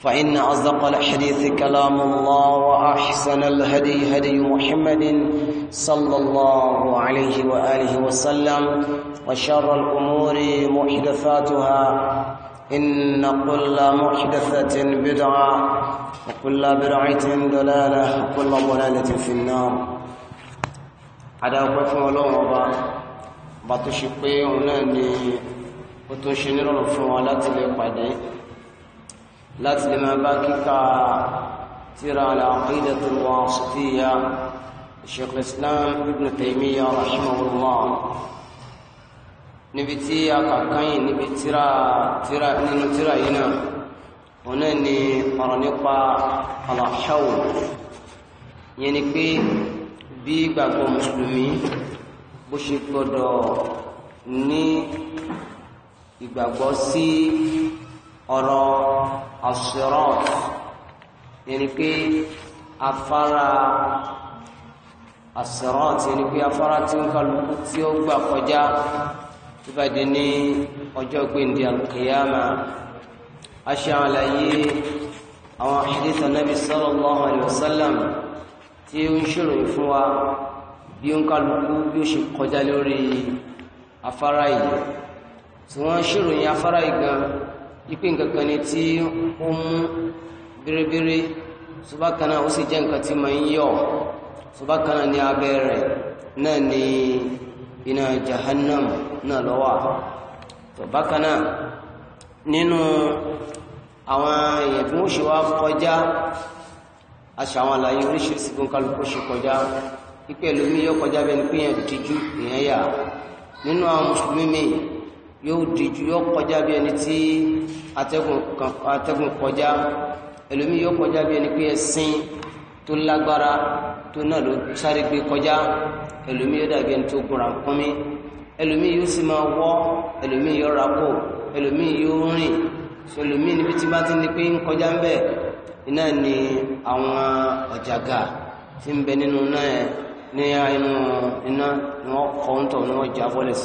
فإن أصدق الحديث كلام الله وأحسن الهدي هدي محمد صلى الله عليه وآله وسلم وشر الأمور محدثاتها إن كل محدثة بدعة وكل بدعة ضلالة وكل ضلالة في النار على كف ولوم وبا باتشقي ونني وتشنير الفوالات لقدي láti lè máa bá kíkà tíra al-Aqeedah al-Wasitiyyah Shaykh al-Islam Ibn Taymiyyah rahimahullah níbi tí a kà káyìn níbi tíra tíra nínú tíra yìí náà wọn náà ni ọ̀rọ̀ nípa al yẹn ni pé bí gbàgbọ́ mùsùlùmí bó ṣe gbọdọ̀ ní ìgbàgbọ́ sí ọ̀rọ̀ asirat yẹni pé afárá asirat yẹni pé afárá tí ó kálukú tí ó gbà kọjá tó bá di ní ọjọ́ gbèǹdé alkiyama aṣọ àlàyé àwọn àṣírísà nàbí sallallahu alaihi wasallam tí ó ń ṣòròyìn fún wa bí ó ń kálukú bí ó ṣe kọjá lórí afárá yìí tí wọ́n ṣòròyìn afárá yìí gan-an ipe nkankan ni tí ó mú biribiri subakana ó sì jẹ́ nǹkan tí máa ń yọ subakana ni abẹ́ na ni ina jahannam na lọ́wọ́ tó bákanáà nínú àwọn èèyàn tí wọ́n ṣe wá kọjá aṣọ àwọn àlàyé oríṣiríṣi tó ń kálukú ṣe kọjá pípẹ́ lómi yọ kọjá bẹ́ẹ̀ ni pé èèyàn dìjú èèyàn yà nínú àwọn mùsùlùmí mìíràn yóò dìjú yóò kọjá bí ẹni tí atẹ́gùn kọjá ẹlòmí yóò kọjá bí ẹni pé tó lágbára tó náà ló sáré gbé kọjá ẹlòmí yóò dàbí ẹni tó gùnrà kúnmí ẹlòmí yóò sì máa wọ́ ẹlòmí yóò ẹlòmí yóò rìn ẹlòmí níbi tí bá ti ní pé ń ni àwọn ọ̀jàgà ti ń bẹ nínú náà ní ni wọ́n kọ́ ń tọ̀ ní wọ́n jábọ́lẹ̀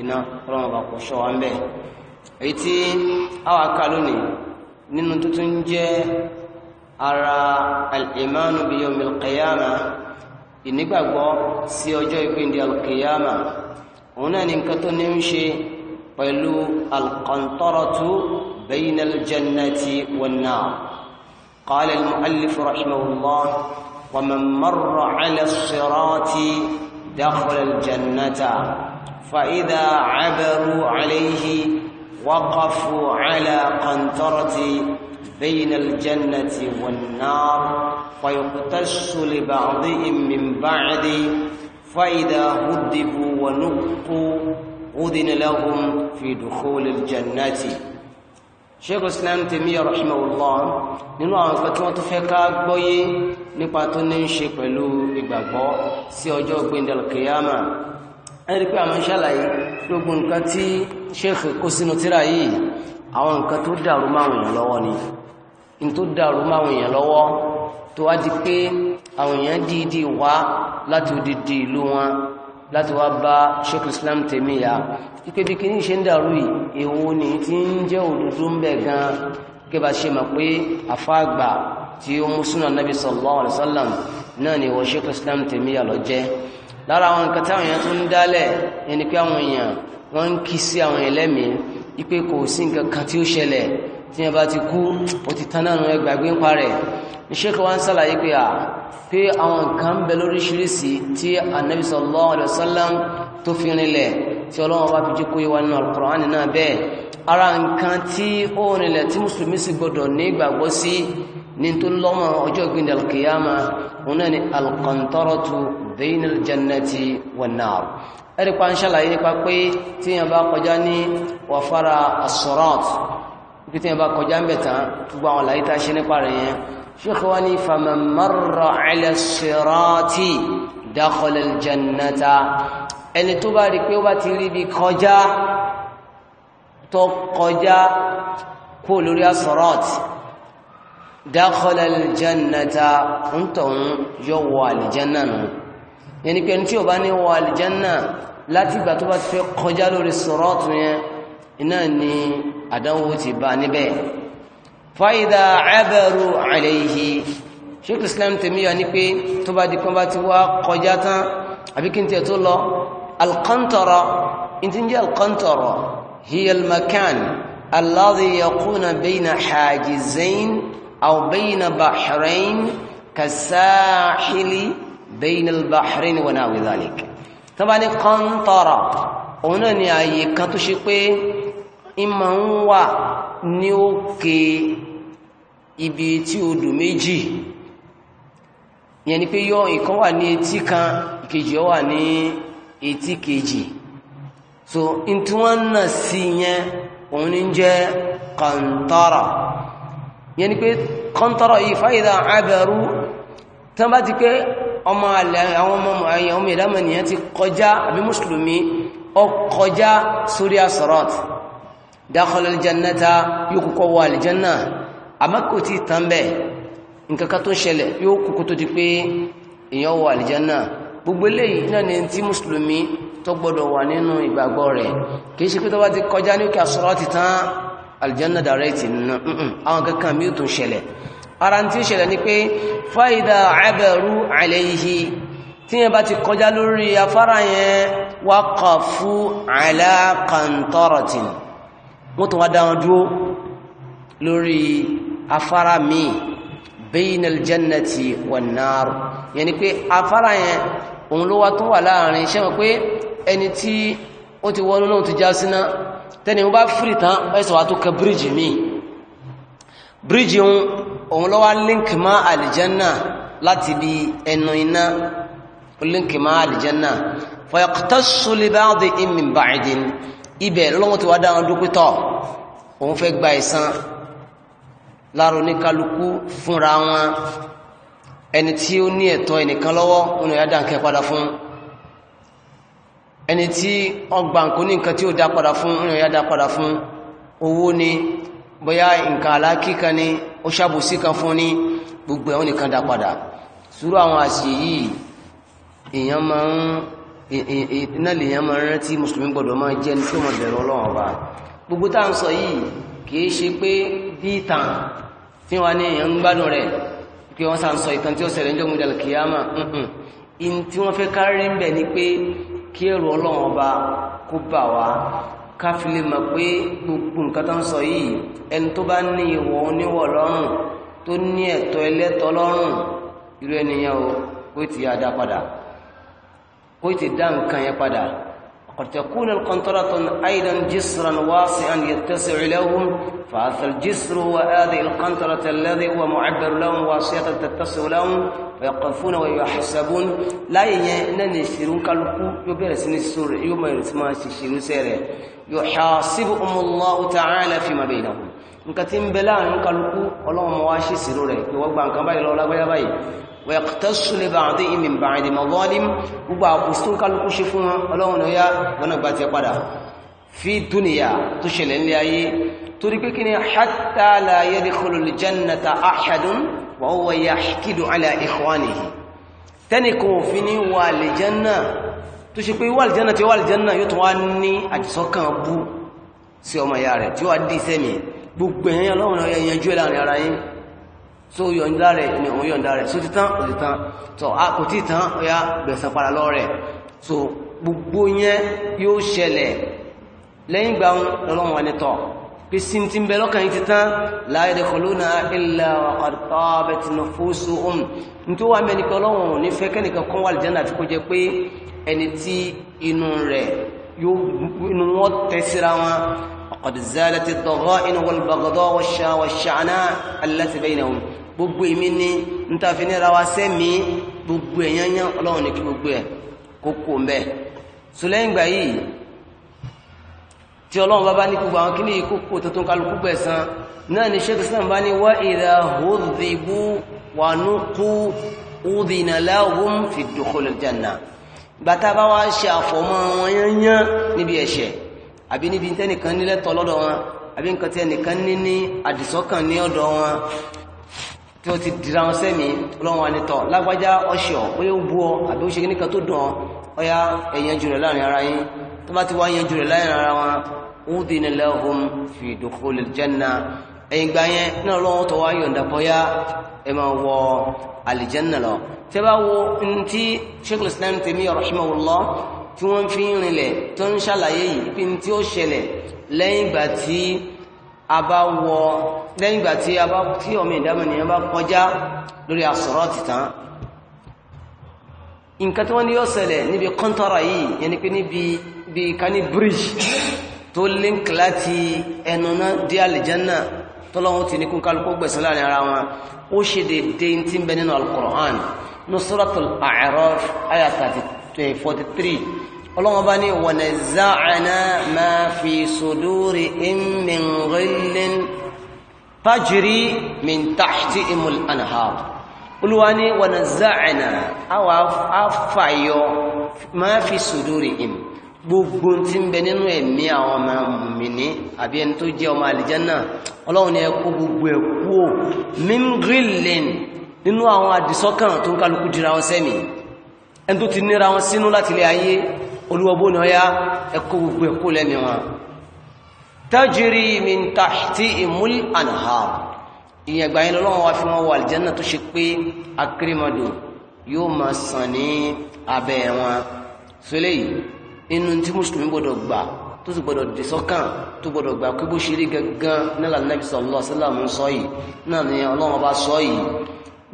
iná ọlọ́run ọba kò ṣọ́ wa ń bẹ̀ èyí tí àwa kà lónìí nínú tuntun jẹ́ ara al-imanu bi yawmil qiyamah ìnígbàgbọ́ sí ọjọ́ ìpínlẹ̀ alkiyama òun náà ni nǹkan tó ní ń ṣe pẹ̀lú alkọ̀ntọ́rọ̀tú bainal jannati wan nar قال المؤلف رحمه الله ومن مر على الصراط دخل الجنة فإذا عبروا عليه وقفوا على قنطرة بين الجنة والنار فيقتص لبعضهم من بعد فإذا هدفوا ونقوا أذن لهم في دخول الجنة sheikh islam Taymiyya rahimahullah nínú àwọn nǹkan tí wọ́n tún fẹ́ ká gbọ́yé nípa tó ní ń ṣe pẹ̀lú ìgbàgbọ́ sí ọjọ́ gbendal ẹ̀rí pé àmọ́ ṣàlàyé gbogbo nǹkan tí ṣéèkì kó sínú tíra yìí àwọn nǹkan tó dàrú máwọn èèyàn lọ́wọ́ ni in tó dàrú máwọn èèyàn lọ́wọ́ tó wá di pé àwọn èèyàn dìídì wá láti odidi ìlú wọn láti wá bá ṣéèkì Islam Tèmíyà wípé bí kí ní ṣe ń dàrú yìí èwo ni tí ń jẹ́ òdodo ń bẹ̀ gan kí ṣe mọ̀ pé àfáàgbà tí ó mú súnà Nabi sallallahu alaihi wasallam náà ni wọ́n ṣéèkì Islam Tèmíyà lọ jẹ́ lára àwọn nǹkan táwọn èèyàn tó ń dálẹ̀ yẹn ni pé àwọn èèyàn wọ́n ń kí sí àwọn ẹlẹ́mìí ipe kò sí nǹkan kan tí ó ṣẹlẹ̀ tí wọ́n bá ti kú ó ti tán náà ẹ gbàgbé ń parẹ̀ iṣẹ́ kan wọ́n ń sàlàyé pé à pé àwọn nǹkan bẹ lóríṣiríṣi tí anabi ní tó lọ́mọ ọjọ́ ìgbìndà alkiyama wọn náà ni alkọntọ́rọ̀tù bainal jannati wan nar ẹ̀rípa ń ṣàlàyé nípa pé tí yẹn bá kọjá ní wàfára as-sirat bí tí yẹn bá kọjá ń bẹ̀tán gbogbo àwọn àlàyé tá ṣe nípa rẹ̀ yẹn lórí as dakhala aljannata ń tọ̀hún yọ wọ àlìjánà nù yẹni pé ní tí o bá ní wọ àlìjánà láti ìgbà tó bá ti fẹ́ kọjá lórí sọ̀rọ̀tù yẹn iná ni àdánwò ti bá níbẹ̀ fáyidà abaru alayhi sheikh islam tèmíyà ní pé tó bá di kan bá ti wá kọjá tán àbí kí n tẹ̀ tó lọ alkantara in ń jẹ́ alkantara hiya almakan alladhi yakuna bayna hajizain أو بين بحرين كالساحل بين البحرين ونحو ذلك طبعا قنطرة هنا نعي كتشقي إما هو نيوكي ibi tí odò méjì yẹn ni pé yọ ìkan wà ní etí kan ìkejì wà ní etí kejì so ntí wọn nà sí yẹn òun ní jẹ kàntara yẹn ni pé kọ́ntọ́rọ̀ yìí fáyidà abẹ́rú tán bá ti pé ọmọ alẹ́ àwọn ọmọ àyàn ọmọ ìdámọ̀ nìyàn ti kọjá àbí mùsùlùmí ọ kọjá sórí asọ́rọ̀t dákọlọ aljannata yóò kúkọ wọ aljanna àmọ́kò tí tán bẹ́ nkankan tó ṣẹlẹ̀ yóò kúkú tó aljanna direct nínú àwọn kankan mi tún ṣẹlẹ̀ ara tí ó ṣẹlẹ̀ ni pé fáìdà àbẹ̀rú àlẹ́yìí tí yẹn bá ti kọjá lórí afárá yẹn waqafu ala qantaratin wọ́n tún wá dá wọn dúró lórí afárá míì bayna aljannati wan nar yẹn ni pé afárá yẹn òun ló wá tún wà láàrin ṣẹ́wọ̀n pé ẹni tí ó ti wọ́n lóhun ti já tẹ́ni wọ́n bá fìrì tán ẹ́sọ̀ wá tó kẹ bíríjì mi bíríjì òun lọ́wọ́ líǹkì má àlìjánà láti bí ẹnu iná líǹkì má àlìjánà fọyọ̀kọ̀tọ́ sólébáàdì ìmìn báyìdín ibẹ̀ lọ́wọ́ ti wá dáhùn dókítọ̀ òun fẹ́ gba ìsan láàrọ̀ oníkálukú fúnra wọn ẹni tí ó ní ẹ̀tọ́ ẹnìkan lọ́wọ́ òun yá dáhùn kẹ padà fún ẹni tí ọgbà nǹkan ní nǹkan tí ó dá padà fún ìrìn ya dá padà fún owó ni bóyá nǹkan alákíkan ni ó sí kan fún ní gbogbo ẹ̀wọ̀n nìkan dá padà àwọn àṣì yìí èèyàn ma ń iná lèèyàn máa rántí mùsùlùmí gbọdọ̀ máa jẹ́ gbogbo tá à ń sọ yìí kìí ṣe pé bí ìtàn tí ní èèyàn sọ ìtàn tí ó ṣẹlẹ̀ ń mú kí ẹ̀rù ọlọ́run ọba kó bà wá ká fi lè mọ̀ pé gbogbo nǹkan tó ń sọ yìí ẹni tó bá ní ìwọ̀ oníwọ̀ lọ́rùn tó ní ẹ̀tọ́ ẹlẹ́tọ́ lọ́rùn irú ènìyàn o kó ti yá padà kó ti dá nǹkan yẹn padà qad takunu al-qantaratun aidan jisran wasi'an yattasi'u lahum فهذا الجسر وهذه القنطرة الذي هو معبر لهم واسطة تتصل لهم فيقفون ويحسبون لا ينن يشيرون كالكو يبرس السر يوم يرسم يشيرون سيره يحاسبهم الله تعالى فيما بينهم nǹkan tí ń bẹ láàrin kálukú ọlọ́run wá ṣe ìṣirò rẹ̀ pé wọ́n gba nǹkan báyìí lọ́wọ́ lágbáyà báyìí wẹ̀kítẹ́sù lè bá àdé ìmìnbà àdìmọ̀lọ́ọ́lìm gbogbo àkùsùn kálukú ṣe fún wọn ọlọ́run ló yá lọ́nà ìgbà tí ẹ padà fi dúnìyà tó ṣẹlẹ̀ ní ayé torí pé kí ni hatta la yadkhulul jannata ahadun wa huwa yahkidu ala ikhwanihi tẹ́nìkan òfin ní wà lè jẹ́nà tó ṣe pé wà lè jẹ́nà tí ó wà lè jẹ́nà yóò tó wá ní àjísọ́kàn bú sí ọmọ ìyá rẹ̀ tí ó wá dí sẹ́mì gbogbo ẹ̀yìn ọlọ́run ẹ̀yẹnjú ẹ̀ láàrin ara yín so yọ̀ǹda rẹ̀ ni òun yọ̀ǹda rẹ̀ so títán kò títán tọ́ a kò títán ọya gbẹ̀sán padà lọ rẹ̀ so gbogbo yẹn yóò ṣẹlẹ̀ lẹ́yìn gbà lọ́lọ́wọ́ ni tọ́ pé sí ti ń bẹ lọ́kàn yìí ti tán láàrín ẹ̀kọ́lónà ilẹ̀ ọ̀tọ́ abẹ́tìnà fóṣù ohun nítorí wà mẹ́ni pé ọlọ́wọ́n ní fẹ́ kẹ́nìkan kan wà lìjánà àti kó jẹ pé ẹni tí inú rẹ̀ inú wọn tẹ́ síra wọn qad zalat ad-dagha'in wal-baghdha wash-sha'na' allati baynahum gbogbo èmi ni ń ta fi sẹ́mi gbogbo ẹ̀yán yán ọlọ́wọ́n ní kí gbogbo ẹ̀ kókó mbẹ́ sùlẹ́yìn gbà yìí tí ọlọ́run bá bá ní gbogbo àwọn kíní ìkókò tó tún kálukú gbẹ̀san náà ni sheikh islam bá ní wá ìdá hóòdìbú wà ní kú údìnàláhùn fi dukhul janna gbàtà bá wá ṣe àfọ̀mọ́ wọn yányán níbi ẹ̀ṣẹ̀ àbí níbi tẹ́nìkan nílẹ̀tọ̀ lọ́dọ̀ wọn tó bá ti wá yanjú rẹ̀ láyé ara wọn udina lahum fi dukhulil janna ẹ̀yìn gbà yẹn náà lọ́wọ́ tó wá yọ̀ǹda bọ́yá ẹ máa wọ àlìjẹ́nà lọ tẹ́ bá wo ntí Sheikhul Islam Taymiyya rahimahullah tí wọ́n fi ń rinlẹ̀ tó ń ṣàlàyé yìí pé tí ó ṣẹlẹ̀ lẹ́yìn ìgbà tí a bá wọ lẹ́yìn ìgbà tí a bá tí ọmọ ìdámọ̀nìyàn bá kọjá lórí àsọ̀rọ̀ tìtàn nǹkan tí wọ́n ní yóò ṣẹlẹ̀ níbi kọ́ńtọ́rà yìí yẹn ni pé níbi bí kání bridge tó link láti ẹnu náà dé àlìjánà tọ́lọ́wọ́n ti ní kún kálukú gbẹ̀sán láàrin ara wọn ó ṣe dédé tí ń bẹ nínú al-Qur'an ní suratul A'raf aya 43 ọlọ́wọ́n bá ní wa nazza'na ma fi sudurihim min ghillin tajri min tahtihimul olúwa ní wa nazza'na àwa àfàyọ ma fi sudurihim gbogbo tí ń bẹ nínú ẹ̀mí àwọn ọmọ mìíní àbí ẹni tó jẹ́ ọmọ àlìjánà ọlọ́run ni ẹkú gbogbo ẹkú ò mingrilin nínú àwọn àdìsọ́kàn tó ń kálukú dira wọn sẹ́mi ẹni tó ti níra wọn sínú láti ilé ayé olúwọ́bó ni ọya ẹkú gbogbo ẹkú lẹ́mi wọn tajiri min tahti imul anhar ìyẹn gbà lọ́wọ́ wa fi wọn wọ àlìjánà tó ṣe pé akérèmọdò yóò máa sàn ní abẹ́ wọn so inú tí mùsùlùmí gbọdọ̀ gbà tó sì gbọdọ̀ dì sọ́kàn tó gbọdọ̀ gbà pé bó ṣe rí gangan nílà nàbì sallallahu alaihi wasallam ń sọ yìí náà ni ọlọ́run bá sọ yìí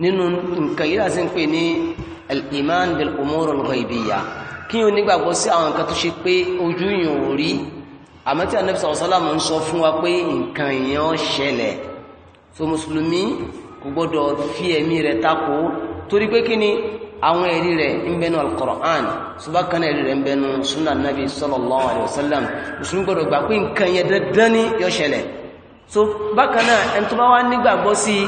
nínú nǹkan yìí láti ń pè ní al-iman bil umur al-ghaibiyya kí o nígbàgbọ́ sí àwọn nǹkan tó ṣe pé ojú yìí ò rí àmọ́ tí ànábì sallallahu ń sọ fún wa pé nǹkan yẹn ṣẹlẹ̀ so mùsùlùmí kò gbọdọ̀ fi ẹ̀mí rẹ̀ takò torí pé kí ni àwọn ẹ̀rí rẹ̀ ń bẹnu al-Qur'an ṣùgbọ́n kan ẹ̀rí rẹ̀ ń bẹnu sunnah nabi sallallahu alayhi wa sallam mùsùlùmí gbọdọ̀ gbà pé nǹkan yẹn dandan ní yóò ṣẹlẹ̀ so bákan náà ẹni tó bá wá nígbàgbọ́ sí i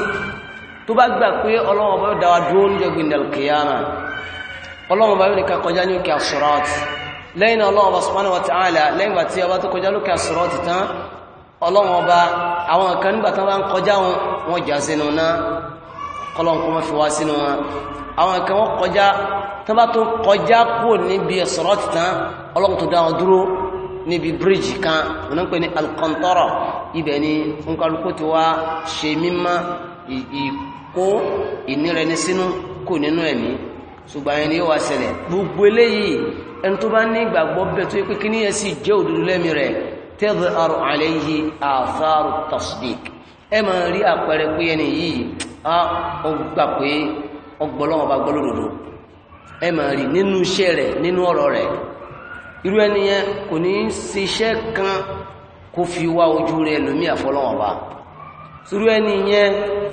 tó bá gbà pé ọlọ́wọ́n bá dáwà dúró níjọ́ gbìndà kìyàmà ọlọ́wọ́n bá yóò ká kọjá ní kọlọ́n kó mọ́ fi wá sínú wọn àwọn kan wọ́n kọjá tó bá tó kọjá kú níbi sọ̀rọ̀ tìtàn ọlọ́run tó dá wọn dúró níbi bíríjì kan wọn ń pè ní alkọ̀ntọ́rọ̀ ibẹ̀ ni nkálukú ti wá ṣe mímọ́ ìkó ìnira sínú kò nínú ẹ̀mí ṣùgbọ́n ẹni yóò wá ṣẹlẹ̀ gbogbo eléyìí ẹni tó bá ní ìgbàgbọ́ bẹ́ẹ̀ tó yẹ pé kíní yẹn sì jẹ́ òdodo lẹ́mí rẹ̀ tẹ́lẹ̀ àrùn àlẹ́ yìí àfáàrù tasdik ẹ máa rí àpẹẹrẹ pé ẹni yìí A ah, gbà pé bá ẹ máa rí nínú iṣẹ́ rẹ̀ nínú ọ̀rọ̀ rẹ̀ irú ẹni kò ní ṣiṣẹ́ kan kó fi wá ojú rẹ̀ lómi àfọlọ́wọ́n bá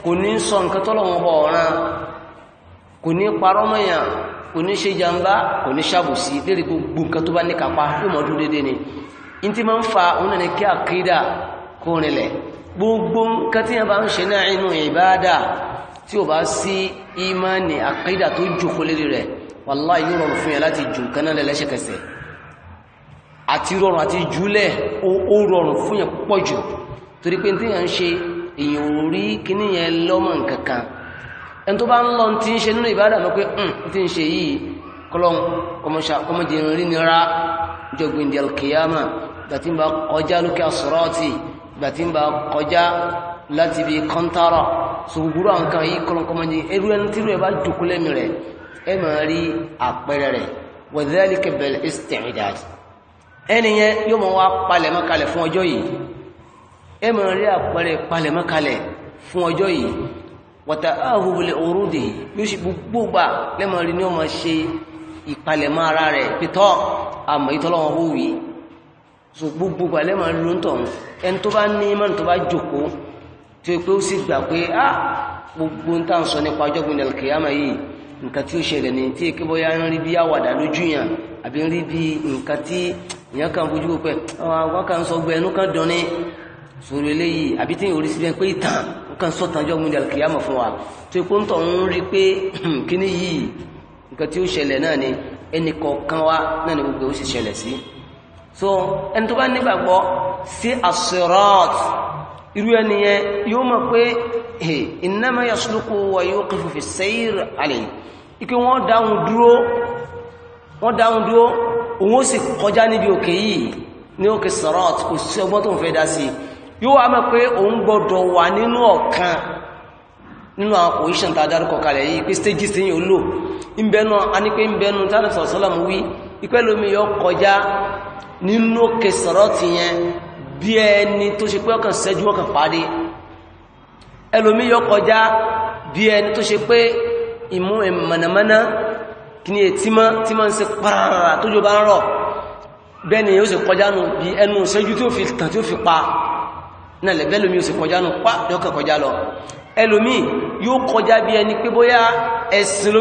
irú sọ nǹkan ọ̀ràn kò ní parọ́ mọ́yàn kò ní ṣe jàǹbá kò ní lérí gbogbo nǹkan tó bá ní kápá déédéé ni ní ti máa ń fa gbogbo nǹkan tí a bá ń ṣe náà inú ìbáadà tí ó bá sí ìmáni àkídà tó jòkó lérí rẹ̀ wallahi inú rọrùn fún yẹn láti jù nǹkan náà lẹ́lẹ́ṣẹ̀kẹsẹ̀ àti rọrùn àti jùlẹ̀ ó rọrùn fún yẹn púpọ̀ jù torí pé tí yẹn ń ṣe èèyàn ò rí lọ́mọ nǹkan ẹni tó bá ń lọ ti ń ṣe nínú ìbáadà mọ́ pé ń hmm, ń ṣe yìí kọlọ́n kọmọdé rí nira jọgbìn dẹ̀lkìyàmà gbàtí ń bá kọjá láti bí kọ́ntárà ṣògbúrú àǹkan yìí kọlọ̀kọmọ́jì ẹrú ẹni tí rẹ̀ bá jùkú lẹ́mì rẹ̀ ẹ ma rí àpẹẹrẹ rẹ̀ wọ̀dẹ́lẹ́kẹ̀ bẹ̀rẹ̀ istidad ẹniyẹn yóò mọ̀ wá palẹ̀mọ́kalẹ̀ fún ọjọ́ yìí ẹ ma rí àpẹẹrẹ palẹ̀mọ́kalẹ̀ fún ọjọ́ yìí wọ̀tà ahùbùlẹ̀ òrùdì yóò ṣe gbogbo gbà lẹ́mọ̀ rí ni ó ma ṣe ìpalẹ̀mọ́ ara rẹ̀ pẹ̀tọ́ àmọ́ ìtọ́lọ́wọ́n hùwì so gbogbo balẹ̀ máa ló ń tọ̀hún ẹni tó bá ní mọ́nì tó bá jòkó tó pé ó sì gbà pé á gbogbo ń tàn sọ nípa ọjọ́gbìn ilẹ̀ kìyàmà yìí nǹkan tí ó ṣẹlẹ̀ ní tí èké bóyá ń rí bí àwàdà lójú yàn àbí ń rí bí nǹkan tí èèyàn kan fojú pẹ́ àwọn kan sọ gbẹ ẹnu kan dán ní sòrò eléyìí àbí tí ìhòrí síbẹ̀ pé ìtàn nǹkan sọ̀tàn ọjọ́gbìn ilẹ̀ kìyàmà fún wa tó so ẹni tó bá nígbàgbọ́ sí asirat irú ẹni yẹn yóò mọ̀ pé innama yasluku wa yuqifu fi sayr alayhi ike wọ́n dáhùn dúró wọ́n dáhùn dúró òun ó sì kọjá níbi òkè yìí ní òkè sirat kò sí ọgbọ́n tó ń fẹ́ dá sí yóò wá mọ̀ pé òun gbọ́dọ̀ wà nínú ọ̀kan nínú àwọn position tá dárúkọ kalẹ̀ yìí pé stages tí yìí ó lò ń a ní pé ń bẹnu tánàtọ̀ sọ́lọ́mù wí ipẹ́ lómi kọjá nínú kẹsàrọ́ ti yẹn bí ẹni tó ṣe pé ọkàn sẹ́jú ọkàn parí ẹlòmí yọ kọjá bí ẹni tó ṣe pé ìmú ìmọ̀nàmọ́ná kí ni ètí mọ́ tí mọ́ ń ṣe pàràrà tó jọba ń rọ̀ bẹ́ni yóò sì kọjá nù bí ẹnu sẹ́jú tí ó fi tàn tí ó fi pa náà lẹ̀bẹ́ lómi yóò sì kọjá nù pa yọ́kàn kọjá lọ ẹlòmí yóò kọjá bí ẹni pé bóyá ẹ̀sìn ló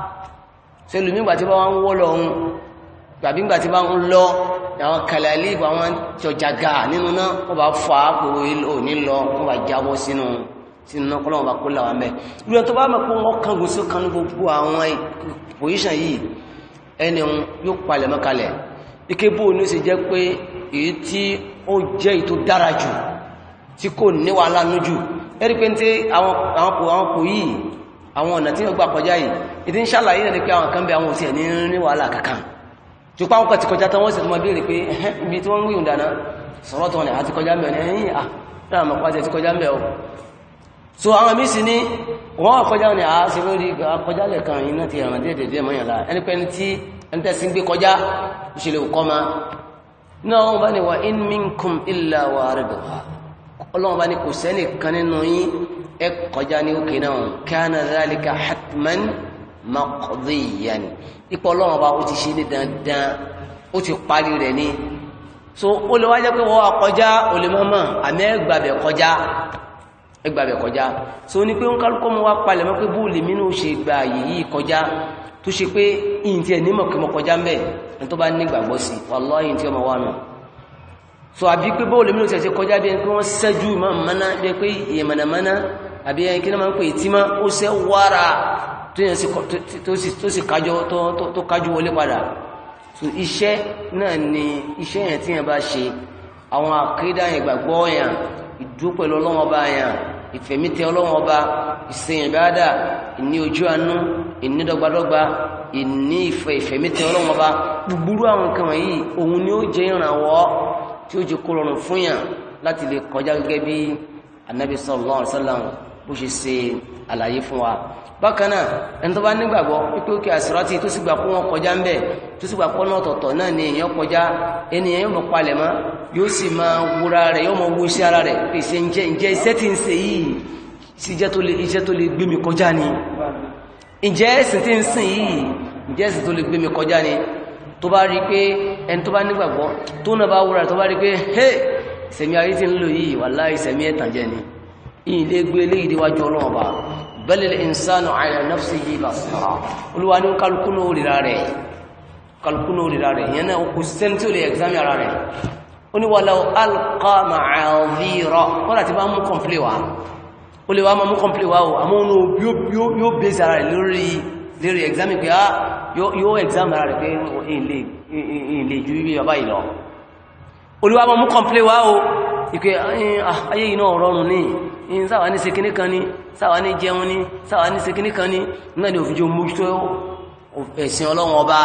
ṣe lùmí ìgbà tí wọ́n ń wọ́ lọ ohun tàbí ìgbà tí wọ́n ń lọ àwọn kàlàlí ìgbà wọn jọjàgà nínú náà wọ́n bá fà á kò ní lọ wọ́n bá jáwọ́ sínú sínú náà kọ́lọ́wọ́n bá kó làwọn mẹ́ ìlú ẹ̀ tó bá mọ̀ pé wọ́n kángun sí kanú gbogbo àwọn pòyíṣàn yìí ẹni yóò palẹ̀ mọ́kalẹ̀ ike bó ní ó sì jẹ́ pé èyí tí ó jẹ́ èyí tó dára jù tí kò ní wàhálà nújù ẹ̀rí pé ní àwọn kò yìí àwọn ọ̀nà tí wọ́n gbà kọjá yìí ìdí ń ṣàlàyé náà ni pé àwọn kan bẹ àwọn òsì ẹ̀ ní ní wàhálà kankan tó pa ọkọ̀ ti kọjá tán wọ́n sì tún máa béèrè pé ibi tí wọ́n ń wíhùn dáná sọ̀rọ̀ tán ni àti kọjá mẹ́rin ẹ̀yìn à náà mọ̀ pàtẹ́ ti kọjá mẹ́ o so àwọn míì sì ní wọ́n kọjá ní àá sí lórí kọjá ti kọjá ìṣẹ̀lẹ̀ òkọ́ maqdiyan ipò ọlọ́run ọba ó ti ṣe ní dandan ó ti parí rẹ̀ ní so ó lè wá jẹ́ pé wọ́n akọjá ó lè mọ́mọ́ àmì ẹgbàbẹ̀ kọjá ẹgbàbẹ̀ kọjá so ní pé ń kálukọ́ mọ́ wá palẹ̀ mọ́ pé bó lè mínú ṣe gba yìí kọjá tó ṣe pé ìyìn tí ẹ̀ nímọ̀ kí mọ́ kọjá mẹ́ ẹni tó bá ní ìgbàgbọ́ sí wallahi tí ọmọ wa nù so àbí pé bó lè mínú ṣe kọjá ma mana bi wọ́n sẹ́jú mọ́ mọ́ná bí ẹni pé ìyẹ̀mọ̀nàmọ́ná àbí ẹni téèyàn sì tó sì kájọ tó kájú wọlé padà so iṣẹ́ náà ni iṣẹ́ yẹn téèyàn bá ṣe àwọn àkídá yẹn gbàgbọ́ yẹn ìdúró pẹ̀lú ọlọ́wọ́n bá yẹn ìfẹ̀mítẹ́ ọlọ́wọ́n bá ìsìn ìbáadà ìní ojú àánú ìní dọ́gbadọ́gba ìní ìfẹ́ ìfẹ̀mítẹ́ ọlọ́wọ́n bá gbogbo àwọn nǹkan wọ̀nyí òun ni ó jẹ́ ìrànwọ́ tí ó jẹ́ kó rọrùn fún yàn láti lè kọjá gẹ́gẹ́ bí anabi sallallahu alaihi bó ṣe ṣe àlàyé fún wa bákan náà ẹni tó bá nígbàgbọ́ pípé òkè àsìrọ́tì tó sì gbà kó wọn kọjá ń bẹ̀ tó sì gbà kó náà tọ̀tọ̀ náà ni èèyàn kọjá ènìyàn yóò mọ̀ palẹ̀ mọ́ yóò sì máa wúra rẹ̀ yóò mọ̀ wú iṣẹ́ ara rẹ̀ pèsè ǹjẹ́ ǹjẹ́ iṣẹ́ tí ń ṣe yìí sí iṣẹ́ tó lè iṣẹ́ tó lè gbé mi kọjá ni ǹjẹ́ ẹ̀sìn tí ń sìn yìí ǹjẹ́ ẹ̀sìn tó lè gbé mi kọjá ni tó bá rí pé ẹni tó bá nígbàgbọ́ tó náà bá wúra tó bá rí pé hé sẹ̀mí ayé ti ń lò yìí wàláhì sẹ̀mí ẹ̀tànjẹ́ ni ìyìn eléyìí déwájú ọlọ́run ọba balil insanu ala nafsihi basira olúwa ní kálukúnú òrìra rẹ̀ kálukúnú òrìra rẹ̀ yẹn náà kò sẹ́ni tí ó lè ẹ̀gzámi ara rẹ̀ ó ní wàlá alqa ma'adhira kọ́nà tí bá mú kọ̀m̀plé wa ó lè wá mú kọ̀m̀plé wa o àmọ́ òun yóò bèé sára rẹ̀ lórí lérí ẹ̀gzámi pé yóò ẹ̀gzámi ara rẹ̀ pé ìlè ju ibi bàbá yìí olúwa mú kọ̀m̀plé wa o ìpè ayé iná ọ̀rọ̀rùn níyì in sáwà ní sekini kan ní sáwà ní jẹun ní sáwà ní sekini kan ní náà ni òfin jẹ mójútó ẹ̀sìn ọlọ́run ọba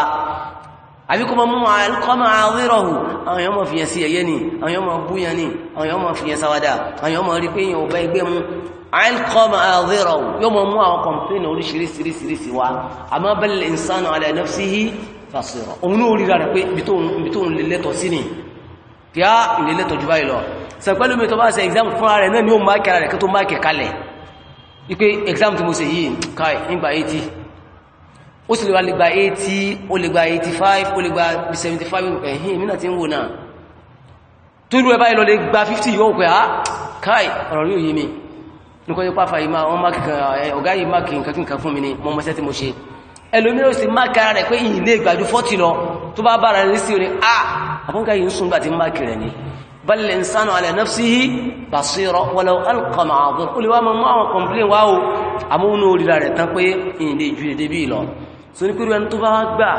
àbí kó máa mú alkọ́mà àwérọ̀hù àwọn èèyàn máa fìyàn sí ẹ̀yẹ́ ni àwọn èèyàn máa búyàn ni àwọn èèyàn máa fìyàn sáwádà àwọn èèyàn máa rí pé èèyàn ọba ẹgbẹ́ mu sẹ̀pẹ́lú mi tó bá ṣe exam fúnra rẹ̀ náà ni ó máa kẹ́ra rẹ̀ kí tó máa kẹ́ kalẹ̀ wípé exam tí mo ṣe yìí káì nígbà 80 ó sì lè wà lè gba 80 ó lè gba 85 ó lè gba 75 ẹ̀hìn mínà tí ń wò náà tó rú ẹbá ìlọlẹ̀ gba 50 yóò pẹ̀ á káì ọ̀rọ̀ rí òyí mi nípa yóò pàfà ìmá wọn máa kìkan ọ̀gá ni mo tó bá bára rẹ̀ sí orin ah àbúgbà yìí ń sùn gbà tí máa kìrẹ̀ ni bal l'insanu ala nafsihi basira walau alqa ma'adhir ó lè wá máa máa complain wá o àmúhùnú orílẹ̀ rẹ̀ tán pé ìyìn lè ju èdè bí lọ so ní pẹ̀lú ẹni tó bá gbà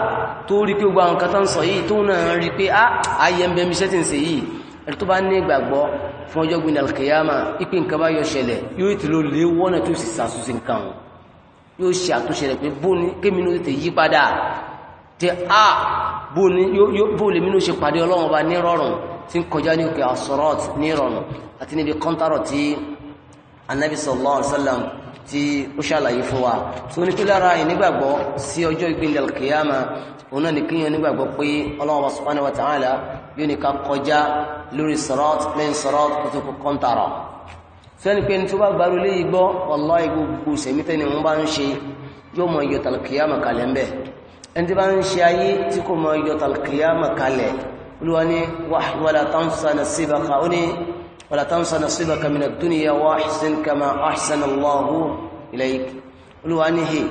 tó rí pé gbogbo àwọn kátà ń sọ yìí tó náà rí pé á ayé ń bẹ mi ṣẹ́tì ń ṣe yìí ẹni tó bá ní ìgbàgbọ́ fún gbin alkiyama ipe nǹkan bá yọ ṣẹlẹ̀ yóò ti lọ lé wọ́nà tó sì ṣàtúnṣe nǹkan o yóò ṣe àtúnṣe rẹ̀ pé bó ni kémi ní ó ti yí padà a bó ni yóò bó lèmi ní ó ṣe pàdé ọlọ́run ọba ní rọrùn tí ń kọjá ní òkè asọ́rọ́t ní ìrọ̀nà àti níbi kọ́ńtàrọ̀ tí anabi sallallahu alaihi wasallam tí ó ṣàlàyé fún wa tó ní pé lára ìnígbàgbọ́ sí ọjọ́ ìgbìlẹ̀ kìyàmà òun náà ní kí yẹn nígbàgbọ́ pé Allahu subhanahu wa ta'ala yóò ní ká kọjá lórí sọ́rọ́t lẹ́yìn sọ́rọ́t kó tó kó kọ́ńtàrọ̀ sẹ́ni pé ní tó bá gbárù lé igbọ́ wallahi ẹni tí bá ń ṣe ayé tí kò mọ iyọ̀ tàlùkìyàmà olúwani wàhálà tánṣà na síbàkà ó ní wàhálà tánṣà na síbàkà mìnà dúnìyà wáṣín kama ahsan Allahu ilayk olúwani hì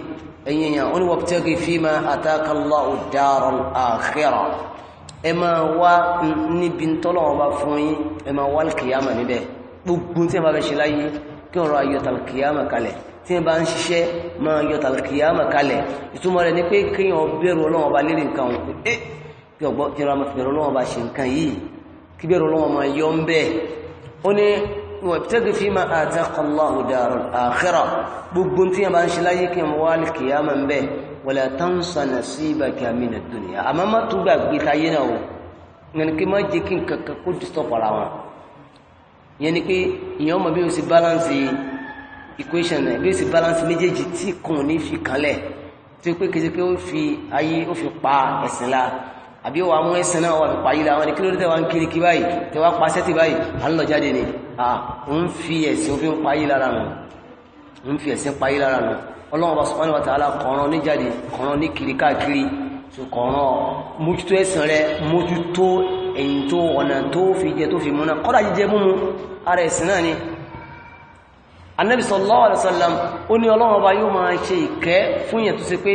ẹ̀yìn yà ó ní wàbtẹ́gì fíìmà ataka Allahu daral akhirah ẹ máa wá níbi tọ́lọ̀ ọba fún yín ẹ máa wá kìyàmà níbẹ̀ gbogbo tí a bá fẹ́ ṣe láyé kí ọ̀rọ̀ ayọ̀tàl kìyàmà kalẹ̀ tí a bá ń ṣiṣẹ́ máa yọ̀tàl kìyàmà kalẹ̀ ìtumọ̀ ni pé kéèyàn bẹ̀rù ọlọ́wọ́ ọba lérí nǹkan ọ̀hún kí ọgbọ́ kí ọrọ̀ amọ̀fẹ̀rẹ̀ ọlọ́wọ́ bá ṣe nǹkan yìí kí bẹ̀rẹ̀ ọlọ́wọ́ máa yọ ń bẹ́ẹ̀ ó ní wabtaghi fima ataka Allahu daral akhirah gbogbo tí a bá ń ṣe láyé kí ọmọ wá ní kìyàmà ń bẹ́ẹ̀ wala tansa nasibaka minad dunya àmọ́ má tó gbàgbé táyé náà o yẹn kí má jẹ́ kí nǹkan kan kó dùsọ̀ para wọn yẹn ni pé ìyẹn ọmọ bí o sì balance equation náà bí o sì balance méjèèjì tí kò ní fi kalẹ̀ tí o pé kejì pé o fi ayé o fi pa ẹ̀sìn la àbí wà mú ẹsẹ̀ náà wà pàyí la wọn ni kí ló dé ń kiri kí báyìí tẹ wá pàṣẹ ti báyìí à ń lọ jáde ni à ń fi ẹ̀sìn òfin pàyí lára nù ń fi ẹ̀sìn pàyí lára nù ọlọ́run bá subhanahu wa ta'ala kọ̀ọ̀ràn ní jáde kọ̀ọ̀ràn ní kiri káàkiri tó kọ̀ọ̀ràn mójútó ẹ̀sìn rẹ mójútó ẹ̀yìn tó ọ̀nà tó fi jẹ tó fi múná kọ́dà jíjẹ múmu ara ẹ̀sìn náà ni anabi sallallahu alaihi wasallam ó ní ọlọ́run ọba yóò máa ṣe ìkẹ́ fún yẹn tó ṣe pé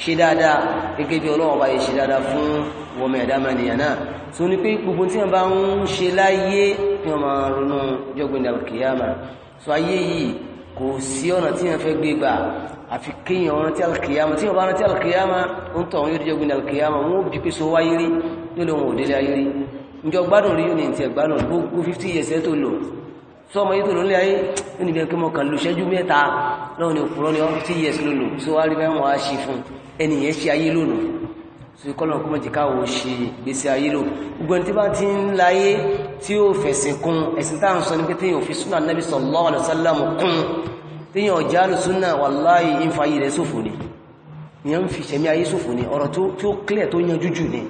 ṣe dáadáa gẹ́gẹ́ bí ọlọ́wọ́ bá yẹ ṣe dáadáa fún wọmọ ẹ̀dá mẹ́nìyàn náà tó ní pé gbogbo tí wọ́n bá ń ṣe láyé kí wọ́n máa ronú jọ́gbìn dàbùkìyàmà so ayé yìí kò sí ọ̀nà tí wọ́n fẹ́ gbé gbà àfi kéèyàn rántí alkìyàmà tí wọ́n bá rántí alkìyàmà ń tọ̀ wọ́n yóò jọ́gbìn dàbùkìyàmà wọ́n ó bí so wáyé rí yóò lóun ò délé ayé rí njọ gbádùn rí ní ìtì ẹ̀gbádùn gbogbo fifty years ẹ̀ tó lò sọ ọmọ yìí tó lò nílé ayé yóò ní bí ẹ̀kẹ́ mọ̀ kàn lò ṣẹ́jú mẹ́ta lọ́wọ́ ni òfurọ́ ni wọ́n fifty years ló lò so wá rí bẹ́ẹ̀ wọ́n ṣe fún un ẹnìyẹn ṣe ayé lónìí so kọ́lọ̀ kó mọ̀jì káwò ṣe gbèsè ayé lò gbogbo ẹni tí bá ti ń láyé tí ó fẹ̀sìn kún ẹ̀sìn táà ń sọ ní pé téèyàn fi súnà Nábì sallallahu alaihi wasallam kún téèyàn ọ̀já lù súnà wallahi ń fa ayé rẹ̀ ṣòfò ni ìyẹn ń fi ṣẹ̀mí ayé ṣòfò ni ọ̀rọ̀ tí ó clear tó yanjú jù ni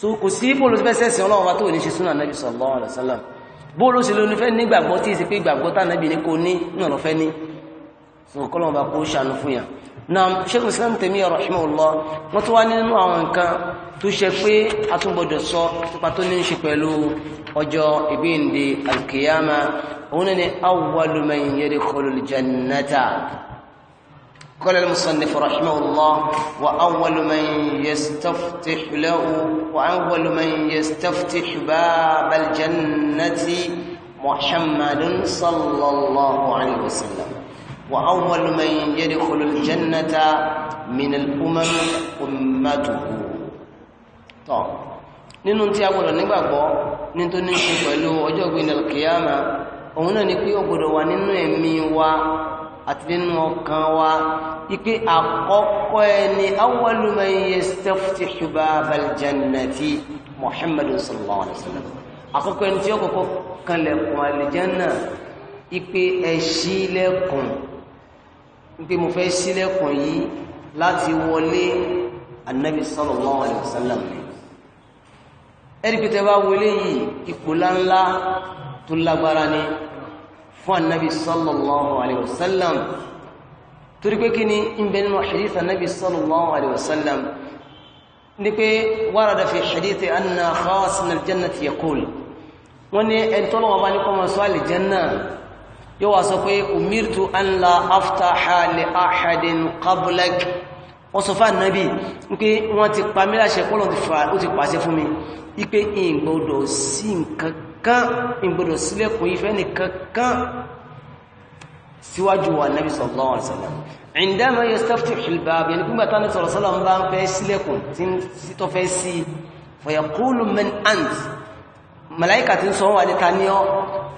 so kò sí bóòlù fẹ́ sẹ́sìn ọlọ́run wa tó ní ṣe súnà Nábì sallallahu alaihi wasallam bóòlù sí lónìí na Sheikhul Islam Taymiyyah rahimahullah wọ́n tó wá nínú àwọn nǹkan tó ṣe pé a tún gbọdọ̀ sọ tupa tó ní ṣe pẹ̀lú ọjọ́ ìbíǹde alkiyama òun ni awwalu man yadkhulul jannata قال المصنف رحمه الله وأول من يستفتح له وأول من يستفتح باب الجنة محمد صلى الله عليه وسلم وأول من يدخل الجنة من الأمم أمته طب nínú tí a gbọ́dọ̀ nígbàgbọ́ ní tó ní ṣe pẹ̀lú ọjọ́ ìgbìnà kìyàmà òun náà ni pé ó gbọ́dọ̀ wà nínú ẹ̀mí wa àti nínú ọkàn wa ipé àkọ́kọ́ ẹni awwalu man yastaftihu babal Muhammadu sallallahu alaihi wasallam àkọ́kọ́ ẹni tí ó kọ́kọ́ kanlẹ̀kùn ipe ẹ̀ṣílẹ̀kùn pé mo fẹ́ sílẹ̀kùn yìí láti wọlé anabi sallallahu alaihi wasallam ni ẹ̀rí pé tẹ́ bá wọlé yìí ipò láńlá tó lágbára ni fún anabi sallallahu alaihi wasallam torí pé kí ni ń bẹ nínú hadith anabi sallallahu alaihi wasallam pé warada fi hadith anna khasna aljannati yaqul wọ́n ní ẹni bá ní kọ́mọ̀ sọ àlìjẹ́ yóò wá sọ pé umirtu an la aftaha li ahadin qablak wọ́n sọ fáà nábì wípé wọ́n ti pa mí láṣẹ pọ́lọ̀ ó ti pàṣẹ fún mi wípé ìgbọ́dọ̀ sí nǹkan kan ìgbọ́dọ̀ sílẹ̀kùn ìfẹ́ nìkan kan síwájú wa nábì sallallahu alaihi wasallam indama yastaftihu al-bab yẹni pígbà tán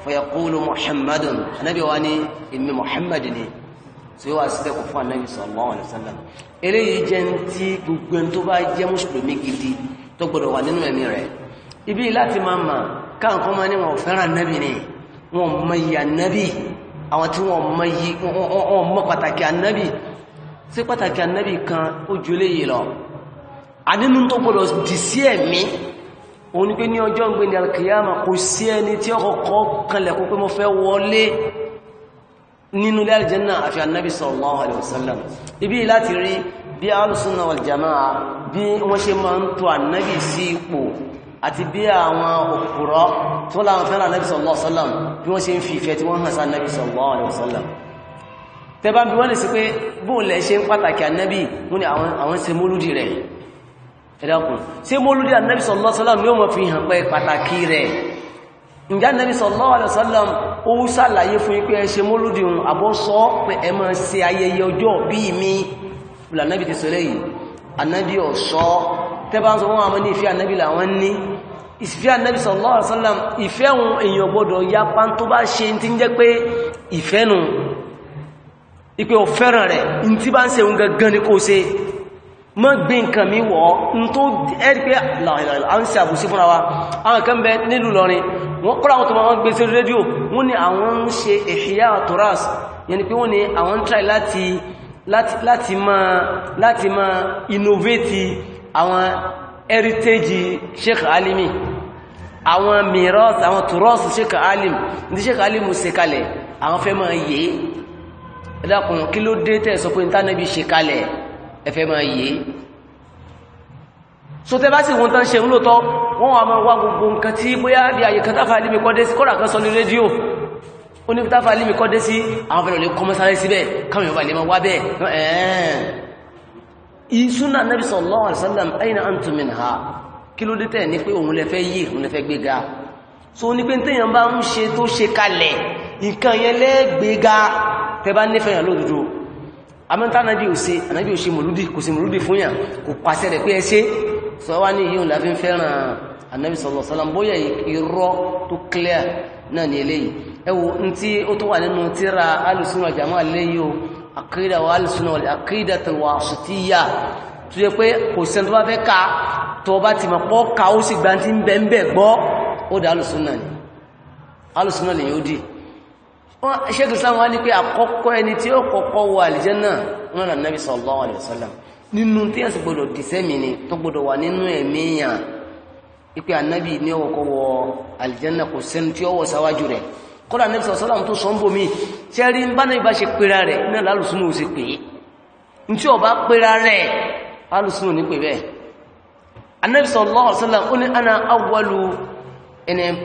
fayaqulu muhammadun anábì wa ní èmi muhammad ni tí ó wà sílẹ̀ kò fún anábì sallallahu alaihi wasallam eléyìí jẹ́ ń tí gbogbo ẹni tó bá jẹ́ mùsùlùmí gidi tó gbọdọ̀ wà nínú ẹ̀mí rẹ̀ ibi láti máa mà káàkọ́ máa ní wọn fẹ́ràn anábì ni wọn mọ iye anábì àwọn tí wọn mọ iye wọn mọ pàtàkì anábì sí pàtàkì anábì kan ó ju lọ àdínú tó gbọdọ̀ dì sí ẹ̀mí òun ni pé ní ọjọ́ ń gbé ní alkiyama kò sí ẹni tí ọkọ̀kọ́ kalẹ̀ kó pé mo fẹ́ wọlé nínú ilé aljanna àfi annabi sallallahu alaihi wasallam ibi láti rí bí alùsùnà wal jama'a bí wọ́n ṣe máa ń tò annabi sí ipò àti bí àwọn òpùrọ́ tó láwọn fẹ́ràn annabi sallallahu alaihi wasallam bí wọ́n ṣe ń fi lè sí pé bóòlẹ̀ ṣe ń pàtàkì annabi wọ́n ni àwọn ṣe mólúdì rẹ̀ ẹ̀dàkùn sí mọ́lúdí annabi sallallahu alaihi wasallam yóò mọ̀ fi hàn pé pàtàkì rẹ̀ ǹjẹ́ annabi sallallahu alaihi wasallam ó sàlàyé fún ipé ẹṣẹ mọ́lúdí hun àbọ́sọ́ pé ẹ máa ṣe ayẹyẹ ọjọ́ bí mi lànàbí ti sọ́lẹ̀ yìí annabi ọ̀ṣọ́ tẹ́bá ń sọ wọ́n àmọ́ ní ìfẹ́ annabi làwọn ní ìfẹ́ annabi sallallahu alaihi wasallam ìfẹ́ hun èèyàn gbọ́dọ̀ ya mọ́ gbé nǹkan mi wọ́ n tó ẹ́rì pé àwọn sí àbùsí fúnra wa àwọn kan bẹ nílùú lọrin wọ́n kọ́ra àwọn tó máa gbé sí rédíò wọ́n ni àwọn ń ṣe ìhìyà toras yẹni pé wọ́n ni àwọn ń try láti máa láti àwọn heritage Sheikh Alimi àwọn miras àwọn toras Sheikh Alim ní Sheikh Alim ṣe kalẹ̀ àwọn fẹ́ máa yé ẹ̀dàkùn kí ló dé ẹ̀fẹ́ máa yìí so tẹ́ bá sì wọ́n tán ṣe ń lóòtọ́ wọ́n wà máa wá gbogbo nǹkan tí bóyá bí àyè kan táfà lími kọ́ dé sí kọ́rà kan sọ ní rédíò ó ní táfà lími kọ́ dé sí àwọn fẹ́rẹ̀ lè kọ́mọ́sáré síbẹ̀ káwọn yóò bá lè máa wá bẹ́ẹ̀ ìsúná nabi sallallahu alaihi wasallam aina antum minha kí ló dé tẹ̀ ní pé òun lè fẹ́ yí òun lè fẹ́ gbéga so ní pé téèyàn bá ń ṣe tó ṣe kalẹ̀ nǹkan yẹn lẹ́gbéga amẹ́ta anábí ò ṣe anábí ò ṣe mọ̀lúdí kò sí mọ̀lúdí fún yàn kò pàṣẹ rẹ̀ pé ẹ sọ wá ní yíò láfi ń fẹ́ràn anábí sallallahu alaihi wasallam bóyá irọ́ tó clear náà ní eléyìí ó tó o àkídà wà alùsùn wal àkídà tó wà tó yẹ pé kò sẹ́ni tó bá fẹ́ ka tó bá ti mọ̀ pọ́ ka ó sì gbantí ń bẹ́ẹ̀ gbọ́ wọ́n ṣékù sáwọn ní pé àkọ́kọ́ ẹni tí ó kọ́kọ́ wọ àlìjẹ́nà wọn là nàbí sallallahu alaihi wasallam nínú tí ẹ̀sìn gbọdọ̀ dìsẹ́mì ni tó gbọdọ̀ wà nínú ẹ̀mí yàn ní ọkọ̀ wọ tó sọ́n bòmí ṣe rí bá náà ibà ṣe pera rẹ̀ náà lálùsùnù ò sì pè é tí ọba pera rẹ̀ lálùsùnù ní pè bẹ́ẹ̀ ànábì sallallahu ó ní ana awwalu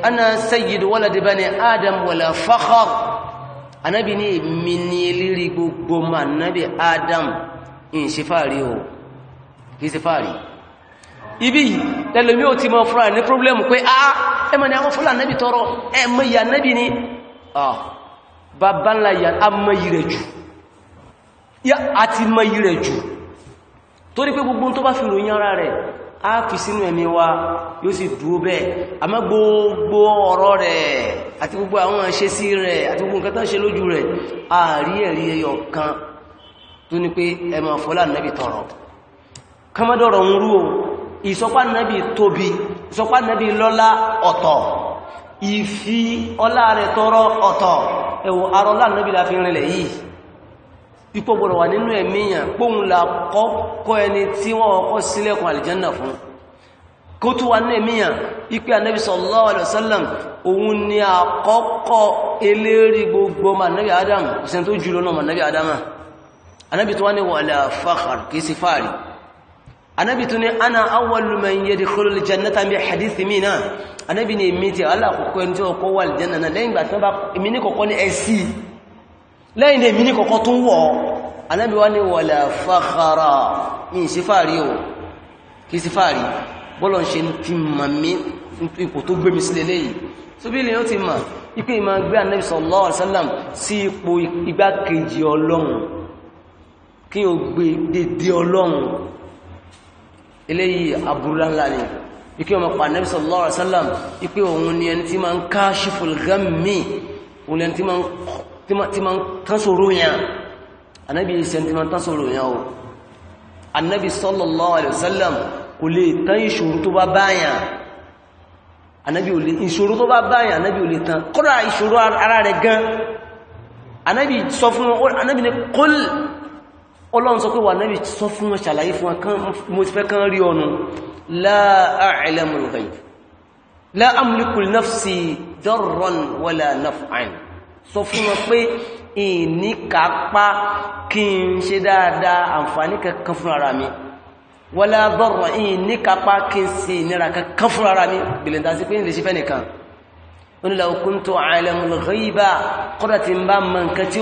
ana sayyidu waladi bani adam wala fakhar anábì ní èmi ní eléré gbogbo ma anábì adam ń ṣe fàárí o kìí ṣe fàárí ibi yìí lẹ́lẹ̀mí ò ti mọ fúnra ní pọ́blẹ́mù pé a ẹmọ ni àwọn fúnra anábì tọrọ ẹmọ ìyà anábì ní bàbá ńlá ìyà amọ̀yì rẹ̀ jù àti mọ̀yì rẹ̀ jù torí pé gbogbo tó bá fi ròyìn ara rẹ̀ A fi sínú ẹ̀mí wa yóò sì dúró bẹ́ẹ̀ àmọ́ gbogbo ọ̀rọ̀ rẹ̀ àti gbogbo àwọn àṣesí rẹ̀ àti gbogbo nǹkan tó ń ṣe lójú rẹ̀ ààrí ẹ̀rí ẹyọ kan tó ní pé ẹmọ fọ́lá nàbì tọrọ kọmọdọ̀rọ̀ ń rú ìsọpá nàbì tóbi ìsọpá ipò gbọ́dọ̀ wà nínú ẹ̀mí yàn póhun la kọ́kọ́ ẹni tí wọ́n kọ́ sílẹ̀kùn àlìjánà fún kó tó wà nínú ẹ̀mí yàn ipé anẹ́bí sallallahu òun ni àkọ́kọ́ eléri gbogbo manabi adam ìsẹ́ tó jùlọ náà adam anẹ́bí tó wá ní wala fakhar kìí sí fàárì anẹ́bí tó ní ana awwalu man yadkhulul jannata bí hadith mi náà ni èmi ti alákọ̀ọ́kọ́ ẹni tí wọ́n kọ́ wà àlìjánà náà lẹ́yìn lẹ́yìn dẹ̀ mi ní kọ̀kan tó ń wọ̀ Ànábì wa ní wala fakhara in sí fàárí o kì sí fàárí bọ́lọ̀ ṣe ń fi mọ̀ mí ipò tó gbé mi sílẹ̀ lẹ́yìn tó bí lèyàn ti mọ̀ ipé ìmọ̀ gbé Ànábì sallallahu alaihi wasallam sí ipò igbákejì Ọlọ́run kí tí ma ń tán sọ̀rọ̀ yẹn anábi iṣẹ́ tí ma ń tán sọ̀rọ̀ yẹn o anábi sallallahu alaihi wasallam kò lè tán ìṣòro tó bá báyà anábi ò lè ìṣòro tó bá báyà anábi ò lè tán kọ́rọ̀ ìṣòro ara rẹ̀ gan anábi sọ fún wọn anábi ni kọ́l ọlọ́run sọ pé wà anábi sọ fún wọn ṣàlàyé fún wọn mo fẹ́ kán rí ọnu la a'lamul ghaib la nafsi darran wala naf'an sọ fún wọn pé ìníkàápá kí n ṣe dáadáa àǹfààní kankan fún ara mi wala darra ìníkàápá kí n ṣe ìnira kankan fún ara mi gbìlẹ̀dá sí pé ń lè ṣe fẹ́ nìkan ó ní law kuntu a'lamul ghaiba kọ́dà tí ń bá mọ nǹkan tí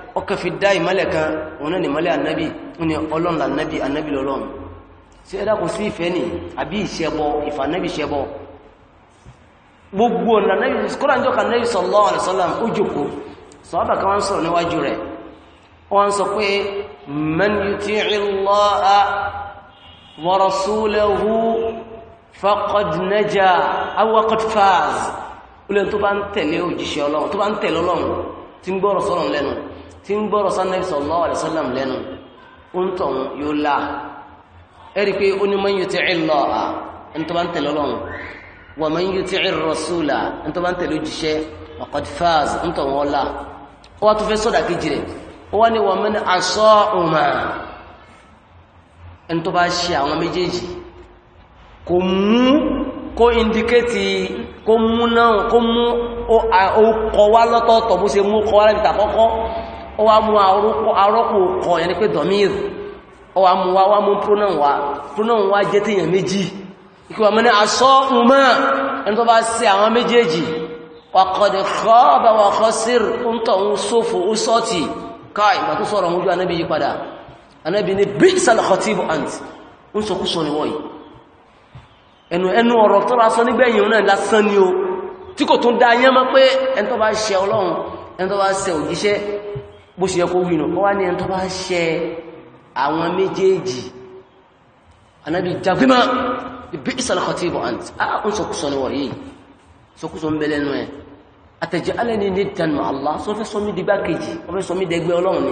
ọkà fi dá ìmọ́lẹ̀ kan òun ní ìmọ́lẹ̀ annabi ní ọlọ́run annabi annabi lọ́lọ́run sí ẹ̀dá kò sí ìfẹ́ ní àbí ìṣẹ́bọ ìfà annabi ṣẹbọ gbogbo ọ̀nà annabi kọ́lá ń jọ́ka annabi sallallahu alaihi wasallam ó jòkó sọ́ọ́bà kan wọ́n sọ̀rọ̀ níwájú rẹ̀ wọ́n sọ pé man yuti'i Allaha wa rasulahu faqad naja sọ́rọ̀ lẹ́nu tí ń gbọ́rọ̀ sánàbí sallallahu alaihi wasallam lẹ́nu ń tọ̀hún yóò lá ẹ̀rí pé ó ní man yuti'i Allaha ń tó bá ń tẹ̀lé ọlọ́run wa man yuti'i rasula ń tó bá ń tẹ̀lé òjíṣẹ́ faqad faz ń tọ̀hún ọlá ó wá tó fẹ́ sọ́dà kejì rẹ̀ ó wá ní wa man asa'uma ń tó bá ṣe àwọn méjèèjì kò mú kó indikéti kó mú náà kó mú ó kọ wá lọ́tọ̀ọ̀tọ̀ bó ṣe mú kọ wá láti tàkọ́kọ́ ó wá mú arọ́pò kọ̀ yẹn ni pé domir ó wá mú wá wá mú pronoun wá pronoun wá jẹ́ tèèyàn méjì ikú wọ́n mẹ́ni asọ́ ọmọ ẹni tó bá sí àwọn méjèèjì wàkọ̀dẹ̀ kọ́ ọba wàkọ́ sír ń tọ̀ ń sófò ó sọ́ọ̀tì ká ìgbà tó sọ̀rọ̀ ojú anábi yí padà anábi ni bí ìsàlọ̀kọ̀tíbù kò tún dá yẹ́ pé ẹni bá ṣe ọlọ́run ẹni bá ṣe òjíṣẹ́ bó ṣe yẹ kó wínú ó wá ní ẹni tó bá ṣẹ àwọn méjèèjì anábi jagbímá ibi ìsànàkọtí ìbò àti àwọn sọkúsọ ni wọ̀nyí sọkúsọ ń bẹ̀lẹ̀ nù ẹ àtẹ̀jẹ́ alẹ́ ní ní dànù Allah sọ fẹ́ sọmí di bákejì wọ́n fẹ́ sọmí dẹgbẹ́ ọlọ́run ni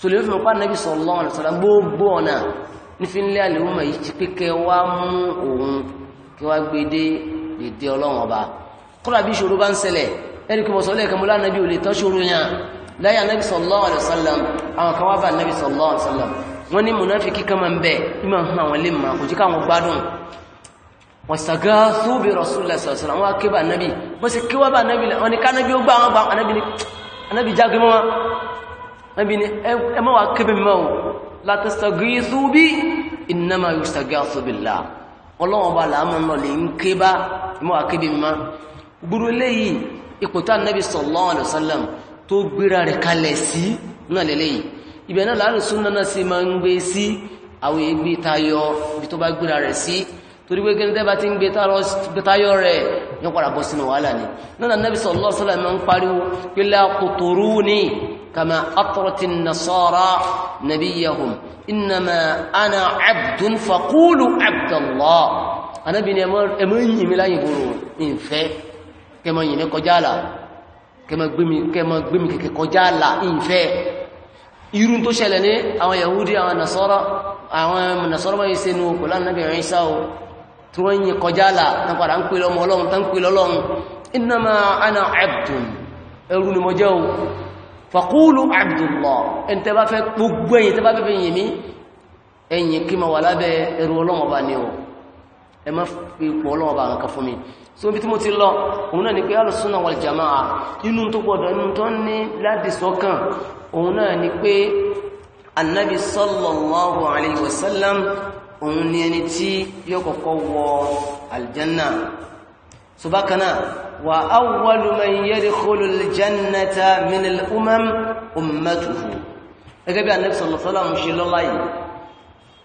so lè fi mọ̀pá nàbí sallallahu alaihi wasallam gbogbo ọ̀nà ní fi ń lé àlè wọ́n yìí ti pé kẹ wá mú bá ń ṣẹlẹ̀ láyé anábì sallallahu alaihi wasallam àwọn kan wá bá anábì sallallahu alaihi wasallam wọ́n ní mùnáfíkì kan máa ń bẹ̀ ìmọ̀ hàn wọ́n lè máa kò jí káwọn gbádùn wàsàgáàsù bí rasulullah sallallahu alaihi wasallam wọ́n ké bá anábì wọ́n sì kíwá bá anábì wọn ni kánábì ó gbá wọn gbá anábì jágé mọ́ anábì ni ẹ mọ́ wà kébé mọ́ o látàsàgáàsù bí innama yusagasu billah ọlọ́wọ́n bá làá mọ́ lè ń ké bá mọ́ wà gbúrú léyìí ipò tá anábì sallallahu tó gbéra rẹ̀ kalẹ̀ sí náà lélẹ́yìí ibẹ̀ náà láàrín súnmọ́ náà sí máa ń gbé sí àwọn ìgbé tayọ ibi tó bá gbéra rẹ̀ sí torí pé gẹ́gẹ́ bá ti ń gbé tayọ rẹ̀ yóò padà bọ́ sínú wàhálà ni náà nàbí sallallahu alaihi wasallam máa ń pariwo pé la quturuni kama atrat an-nasara nabiyahum innama ana abdun faqulu abdallah anábìnrin ẹmọ́ yìí mi láyìnbó rò ń kẹmọ́ yìí ní kọjá là kẹmọ gbémi kẹkẹ kọjá àlà ìfẹ́ irú tó ṣẹlẹ̀ ní àwọn Yahudi àwọn Nasara àwọn Nasara wọ́n yìí sẹ́nu pẹ̀lú Ànábì Ìsá o tí wọ́n yìí kọjá àlà nípadà ń pè lọ́mọ ọlọ́run tán pè lọ́lọ́run innama ana abdun ẹrú ni mo jẹ́ o faqulu abdullah ẹni ẹ má fi pọ̀ ọlọ́wọ́ bá nǹkan fún mi so bí tí mo ti lọ òun náà ni pé alùsùnà wal jamaa inú tó gbọdọ̀ inú tó ní láti sọ́kàn òun náà ni pé annabi sallallahu alayhi wa òun ni ẹni tí yóò kọ́kọ́ wọ aljanna so bákanáà wa awwalu man umam ummatuhu gẹ́gẹ́ bí annabi sallallahu alayhi wa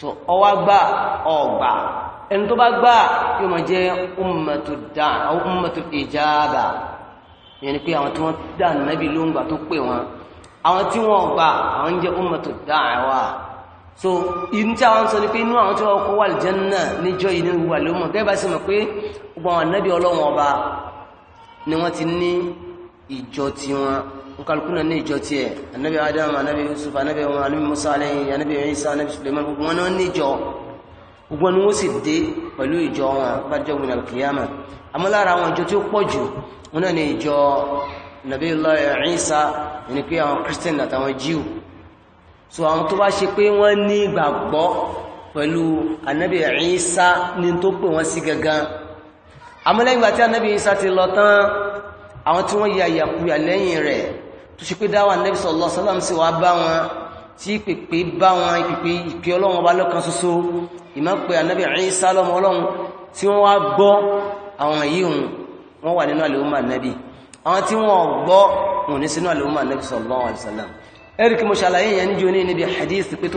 so ọwá gbà ọgbà ẹni tó bá gbà yóò máa jẹ́ ummatud da'a aw ummatul ijaba yẹn ni pé àwọn tí wọ́n dà nábì ló ń gbà tó pè wọn àwọn tí wọ́n gbà àwọn ń jẹ́ ummatud da'wa so inú tí àwọn sọ ni pé inú àwọn tí wọ́n kọ́ wà aljanna níjọ́ yìí nínú wà lómọ̀ gẹ́gẹ́ bá sì mọ̀ pé gbogbo àwọn ọlọ́wọ́n ọba ni wọ́n ti ní ìjọ tiwọn nkàlùkù náà ní ìjọ tiẹ̀ anabi adam anabi yusuf anabi ọmọ anabi musa alayhi anabi isa anabi suleiman gbogbo wọn náà ní ìjọ gbogbo ni wọn sì dé pẹ̀lú ìjọ wọn bájọ gbìn alkiyama àmọ́ lára àwọn ìjọ tí ó pọ̀ jù wọn náà ní ìjọ nabi allah isa ní pé àwọn christian àtàwọn jew so àwọn tó bá ṣe pé wọn ní ìgbàgbọ́ pẹ̀lú anabi isa ní tó pè wọn sí gangan àmọ́ lẹ́yìn anabi isa ti lọ tán àwọn tí wọn yà yàkuyà lẹ́yìn rẹ̀ tó ṣe pé dáwà nẹ́bí sallallahu alaihi wasallam sì wá bá wọn tí pèpè bá wọn ìpèpè ìpè ọlọ́run ọba lọ́kan ṣoṣo ìmọ̀pẹ́ ànábì Ìsá lọ́mọ ọlọ́run tí wọ́n wá gbọ́ àwọn yìí hùn wọ́n wà nínú àlèhùnmà nẹ́bí àwọn tí wọ́n gbọ́ wọn ní sínú àlèhùnmà nẹ́bí sallallahu alaihi wasallam ẹ̀rì kí mo ṣàlàyé yẹn níjò ní níbi hadith pé tó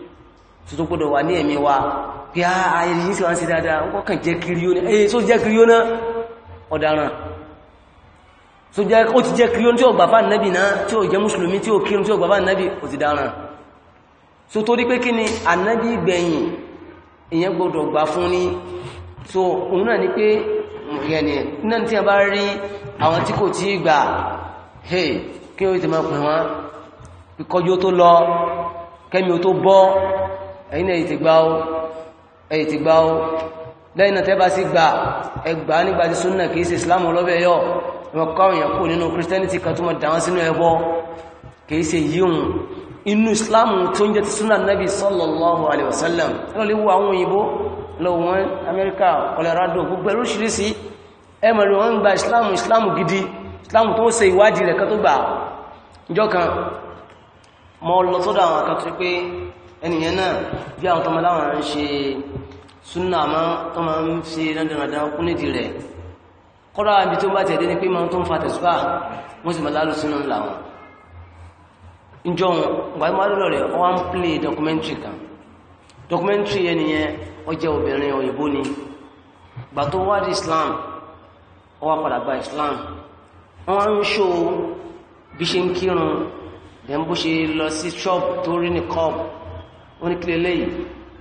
tuntun gbọ́dọ̀ wà ní ẹ̀mí wa pé ayé ah, ah, yìí sí wá ń sí dáadáa wọ́n kàn jẹ́ kiri ó ní ẹ̀yẹ eh, tó jẹ́ kiri ó náà ọ̀daràn tó jẹ́ ó ti jẹ́ kiri ó tí ó gbàfà nẹ́bì náà tí ó jẹ́ mùsùlùmí tí ó kírun tí ó gbàfà nẹ́bì ó ti dáràn so torí pé kí ni ànẹ́bì gbẹ̀yìn ìyẹn gbọ́dọ̀ hey kí ó ti máa pè wọ́n kọjú ó tó lọ tó bọ́ ẹ̀yin náà ètì gbá ó ẹ̀yìn ti gbá ó lẹ́yìn náà tẹ́bá sí gbà ẹgbà nígbà tí súnà kìí sí islam ọlọ́bẹ̀ yọ ẹmọ kọrùn yẹn kò nínú christianity kan tó mọ̀ dáwọn sínú ẹbọ kìí sí yíhun inú islam tó ń jẹ́ ti súnà nabi sallallahu alaihi wasallam lọ́lẹ́wọ́ àwọn òyìnbó lọ́wọ́n amẹ́ríkà colorado gbogbo oríṣiríṣi ẹmọ̀ rẹ̀ wọ́n ẹnìyẹn náà bí àwọn tọmọ láwọn ń ṣe súnà àmọ́ tó máa ń ṣe dandandan kún nídìí rẹ̀ kọ́ra ibi tó bá tẹ̀dé ni pé máa tó ń fa tẹ̀síwá wọ́n sì máa lálù sínú ńlá play documentary kan documentary yẹn nìyẹn ó jẹ́ obìnrin ni gbà tó Islam ó wá padà Islam wọ́n á ń ṣó bí ṣe ń kírun dẹ̀ ń bó ṣe lọ sí shop tó rí ní cob wọ́n ní kílẹ̀ lẹ́yìn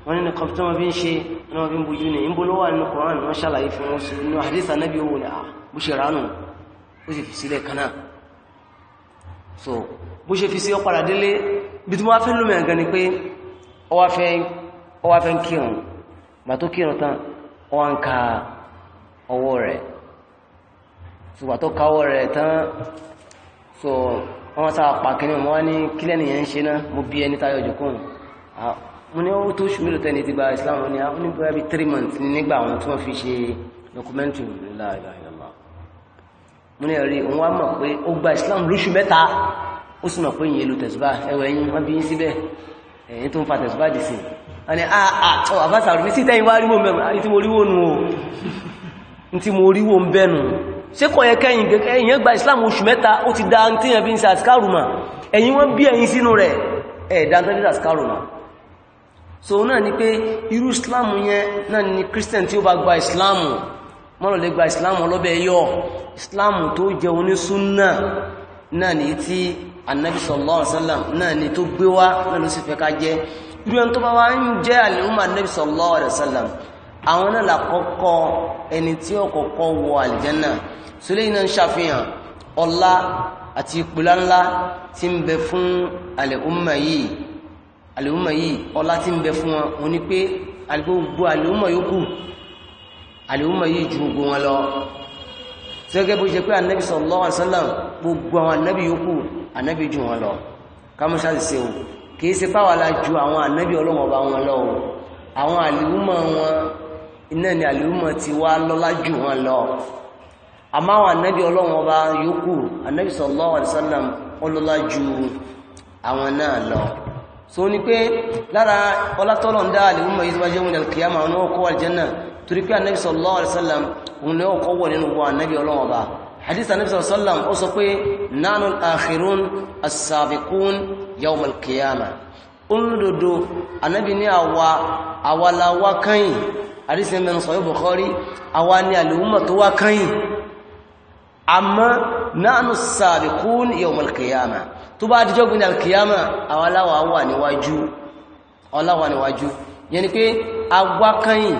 wọ́n ní nìkan tó wọ́n fi ń ṣe ní wọ́n fi ń bojú ní ìbò ló wà nínú Qur'an wọ́n ṣàlàyé fún wọn sí inú àdìsá náà bí ó wọlé ah, bó ṣe ránù ó sì fi sílẹ̀ kaná so bó ṣe fi sí ọ̀padà délé bí tí wọ́n fẹ́ lómi àgàn ni pé ọwá fẹ́ ń kírun mo ní ó tó ṣù mí islam ní àwọn oníbọ̀yà bíi three months nígbà àwọn tí wọ́n fi ṣe documentary nílá ìlànà mo ní ẹ̀rí òun wá mọ̀ pé ó gba islam lóṣù mẹ́ta ó sì mọ̀ pé ìyẹn ló tẹ̀síbá ẹwẹ̀ yín wọ́n bí yín síbẹ̀ ẹ̀yìn tó ń fa tẹ̀síbá dì sí wọ́n ní àtọ́ ah, ah, àbáṣà rẹ̀ sí tẹ́yìn wá ríwò mẹ́rin àti mo ríwò nù o mo ṣé gba islam oṣù mẹ́ta ó ti da yẹn fi ń ṣe ẹ̀yìn wọ́n bí so náà ni pé irú islam yẹn náà ni christian tí ó bá gba islam mọ́rọ̀ lè gba islam ọlọ́bẹ̀ yọ islam tó jẹ́ onísúnnà náà ni tí annabi sallallahu alaihi wasallam náà ni tó gbé wá náà ló sì fẹ́ ká jẹ́ irú ẹni tó bá wá ń jẹ́ àlèhùnmà annabi àlèhùnmọ̀ yìí ọlá tí ń bẹ fún wọn wọn ni pé gbogbo àlèhùnmọ̀ yòókù àlèhùnmọ̀ yìí ju gbogbo wọn lọ sẹ́gẹ́ bó ṣe pé ànábì sallallahu alaihi gbogbo àwọn ànábì yòókù ànábì ju wọn lọ kámúṣáàsì ṣe o kìí ṣe báwa la ju àwọn ànábì ọlọ́wọ́n bá wọn lọ o àwọn àlèhùnmọ̀ wọn iná ni àlèhùnmọ̀ ti wá lọ́lá ju wọn lọ àmọ́ àwọn ànábì ọlọ́wọ́n bá yòókù ànábì sallallahu alaihi ọlọ́lá ju àwọn náà lọ so ni pé lára ọlátọ́lọ̀ ń dá àlèwúmọ̀ yìí tó bá jẹ́ wọn alkiyama wọn ó kọ́ aljanna torí pé anabi sallallahu alaihi wasallam òun lè kọ́ wọ nínú wọn anabi ọlọ́wọ́ bá hadith anabi sallallahu alaihi wasallam ó sọ pé nánú akhirun as-sabiqun yawm alkiyama olódodo anabi ní àwa àwalawa kányìn hadith mẹ́rin sọ̀rọ̀ bukhari àwa ni àlèwúmọ̀ tó wá kányìn àmọ́ nánú as-sabiqun yawm alkiyama tó bá dijọ́ gbìn alkiyama àwọn aláwọ̀ wà níwájú ọláwà níwájú yẹni pé agbákanyìn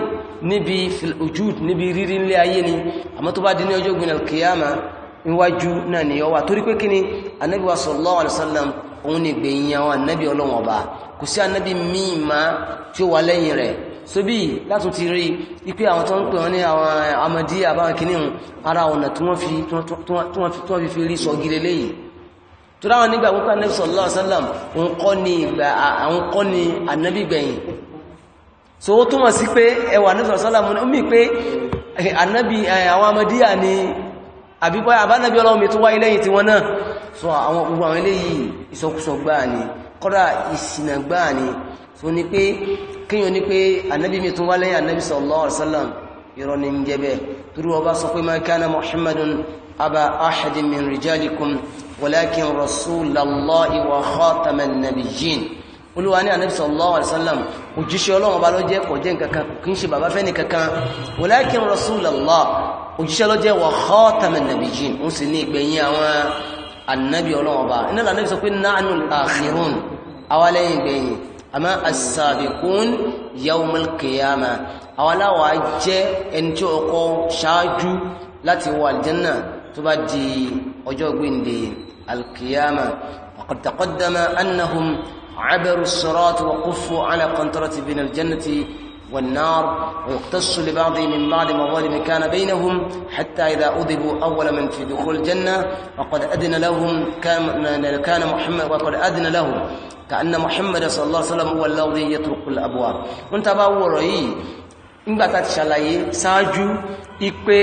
níbi ojúd níbi rírí ilé ayé ni àmọ́ tó bá di ní ọjọ́ gbìn alkiyama níwájú náà ni ọwà torí pé kíni anábì wa sallallahu alaihi wasallam òun ni gbẹ̀yìn àwọn anábì ọlọ́wọ̀n ọba kò sí anábì míì má tí ó wà lẹ́yìn rẹ̀ sóbì látún ti rí ipé àwọn tó ń pè wọ́n ní àwọn amadi àbáwọn kìnnìún ara ọ̀nà tí wọ́n fi rí sọ gílé léyìí torí àwọn nígbà wípé anabi sallallahu alaihi wasallam ńkọ́ ni ìgbà àńkọ́ so ó túmọ̀ sí pé ẹwà anabi sallallahu alaihi wasallam mí pé anabi àwọn amadíyà ni àbíbọ́ àbánabi ọlọ́run mi tó wáyé lẹ́yìn tí wọ́n náà so àwọn gbogbo àwọn eléyìí ìsọkúsọ gbáà so ni pé kíyàn ní pé anabi mi tó wá lẹ́yìn anabi sallallahu alaihi wasallam irọ́ ni ń jẹ́ bẹ́ẹ̀ torí wọ́n bá ولكن رسول الله وخاتم النبيين. olúwa ní ànábì sallallahu alaihi wasallam òjíṣẹ́ ọlọ́run ọba ló jẹ́ kò jẹ́ nǹkankan kì í ṣe bàbá fẹ́ nìkankan walakin rasulallah òjíṣẹ́ ló jẹ́ wa khataman nabiyyin ó sì ní ìgbẹ̀yìn àwọn ànábì ọlọ́run ọba iná lànàbì sọ pé nahnu al-akhirun awalẹ́yìn ìgbẹ̀yìn àmọ́ as-sabiqun yawmal qiyamah awaláwa jẹ́ ẹni tí القيامة وقد تقدم أنهم عبروا الصراط وقفوا على قنطرة بين الجنة والنار ويقتص لبعض من بعض مظالم كان بينهم حتى إذا أذبوا أول من في دخول الجنة وقد أدن لهم كان, كان محمد وقد أدن لهم كأن محمد صلى الله عليه وسلم هو الذي يطرق الأبواب وانت بقى يي nígbà tá ti ṣàlàyé ṣáájú ipe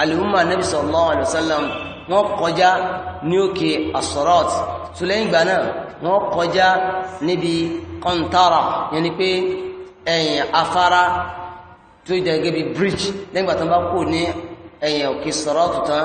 النبي صلى الله عليه وسلم wọ́n kọjá ní òkè asọ́rọ́t tó lẹ́yìn ìgbà náà wọ́n kọjá níbi kọ́ntara yẹn ni pé ẹ̀yìn afárá tó jẹ́ gẹ́gẹ́ bí bridge lẹ́yìn bá kò ní ẹ̀yìn òkè sọ́rọ́t tán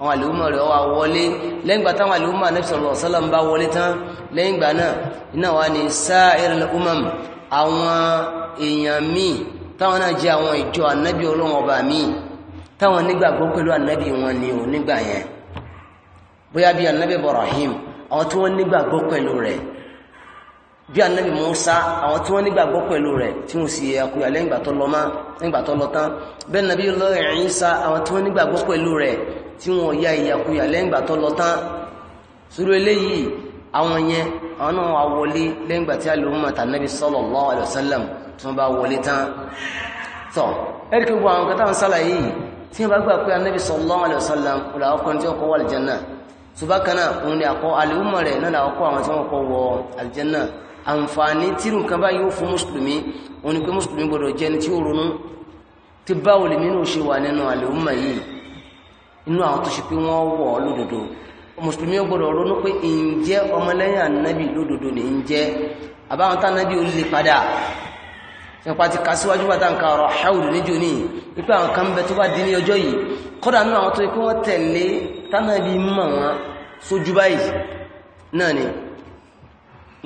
àwọn àlùmọ̀ rẹ̀ wà wọlé lẹ́yìngbà táwọn àlùmọ̀ Ànábì sallallahu alaihi wasallam bá wọlé tán lẹ́yìngbà náà iná wa ni sa'irul umam àwọn èèyàn míì táwọn náà jẹ́ àwọn ìjọ ànábì ọlọ́wọ́n ọba míì táwọn nígbàgbọ́ pẹ̀lú ànábì wọn ni bí ànábì musa àwọn tí wọ́n nígbàgbọ́ pẹ̀lú rẹ̀ tí wọ́n sì àkúyà lẹ́yìngbà tó lọ tán bẹ́ẹ̀ nàbí lọ Ìsá àwọn tí wọ́n nígbàgbọ́ pẹ̀lú rẹ̀ tí wọ́n ya ìyàkuyà lẹ́yìngbà tó lọ tán sórí eléyìí àwọn yẹn àwọn náà wà wọlé lẹ́yìngbà tí alùmọ̀ tànàbí sallallahu alaihi wasallam tí wọ́n bá wọlé tán tọ́ ẹ̀rí kí gbogbo àwọn kẹta ń sálàyé yìí tí wọ́n bá gbà pé anábì sallallahu alaihi wasallam ọ̀là ọkùnrin tí náà inú àwọn tó ṣe pé wọ́n wọ̀ ọ́ lódodo mùsùlùmí gbọ́dọ̀ ronú pé ǹjẹ́ ọmọlẹ́yìn ànábì lódodo ní ǹjẹ́ àbáwọn tánábì ó lè padà nípa ti kásíwájú bá tánkà ọ̀rọ̀ haudu níjò ní wípé àwọn kan bẹ tó bá dín ní ọjọ́ yìí kọ́dà nínú àwọn tó ikú wọ́n tẹ̀lé tánábì mọ̀ wọn sójú báyìí náà ni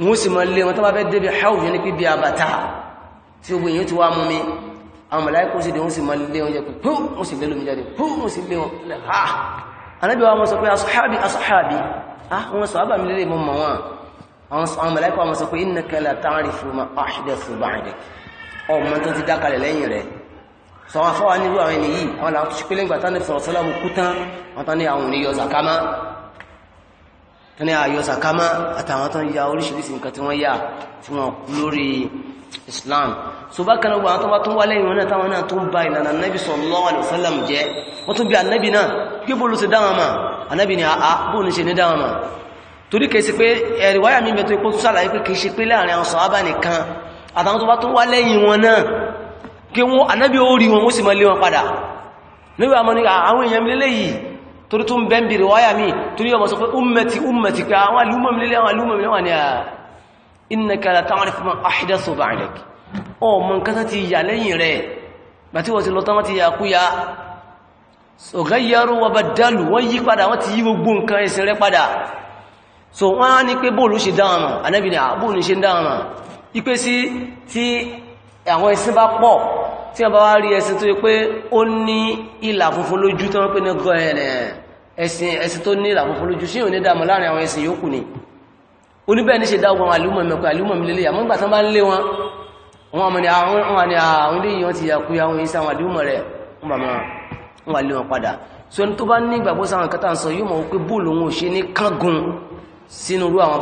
wọ́n lé wọn tó bá fẹ́ débi haudu ní pé bí tí ogun èèyàn ti wá mú mi àwọn mọ̀láíkò sí dẹ̀wọ́n sí ma lé wọn jẹ́ pé pún mú sí lélòmí jáde pún sí lé wọn lẹ́ ah anábí wa sọ pé asọ́hábí asọ́hábí ah wọn sọ ábàmì lélè mọ́ mọ́ wọn àwọn mọ̀láíkò wọn sọ pé innaka la ta'rifu ma ahdathu ba'dak ọmọ tó ti dákalẹ̀ lẹ́yìn rẹ̀ sọ wọn fọwọ́ nílùú àwọn ní ayọ̀ sàkámá àtàwọn tán ya oríṣiríṣi nǹkan tí wọ́n yà tí wọ́n kú Islam so bákan náà àwọn tó bá tún wá lẹ́yìn wọn náà táwọn náà tó ń ba ìlànà anábì sallallahu alaihi wasallam jẹ́ wọ́n tún bí anábì náà pé bó ló ti dáwọn mà anábì ni àá bó ní ṣe ní dáwọn mà torí kìí ṣe pé ẹ̀rí eh, wáyà mi mẹ́tọ́ ipò sàlàyé pé kìí ṣe pé láàrin àwọn sàhábà nìkan àtàwọn tó bá tún wá lẹ́yìn wọn náà kí wọ́n anábì ó rí wọn ó sì máa lé wọn padà níbi àwọn èèyàn mi lélẹ́yìí torí tó ń bẹ́ ń bèèrè wáyà mí torí ọmọ sọ pé ummeti ummeti pé àwọn alúmọ̀mí lélẹ̀ àwọn alúmọ̀mí lẹ́wà ní àà ah, innaka la ta'rifu ma ahdathu ba'dak ọmọ nǹkan tí yà lẹ́yìn rẹ̀ bàtí wọ́n ti lọ tán ti yà kúyà so ghayyaru wa baddalu wọ́n yí padà wọ́n ti yí gbogbo nǹkan ẹ̀sìn rẹ̀ padà tí wọ́n bá wá rí ẹsìn tó yẹ pé ó ní ìlà funfun lójú tó wọ́n pè ní gọ́ ẹ̀rẹ̀ ẹsìn ẹsìn tó ní ìlà funfun lójú sí òní dàmọ́ láàrin àwọn ẹsìn yòókù ni oníbẹ̀ẹ́ni ṣe dá ogun àlúmọ̀ mẹ́kọ̀ àlúmọ̀ mi lélẹ̀ àmọ́ gbàtán bá ń ni àwọn ah, àwọn àwọn ilé ìyàn ti yàkú ya wọn ìsáwọn àlúmọ̀ rẹ̀ wọn bàmọ́ so ẹni tó bá ní ìgbàgbọ́ sáwọn kẹta ń sọ yóò mọ̀ pé bóòlù wọn ò ṣe ní kángun sínú irú àwọn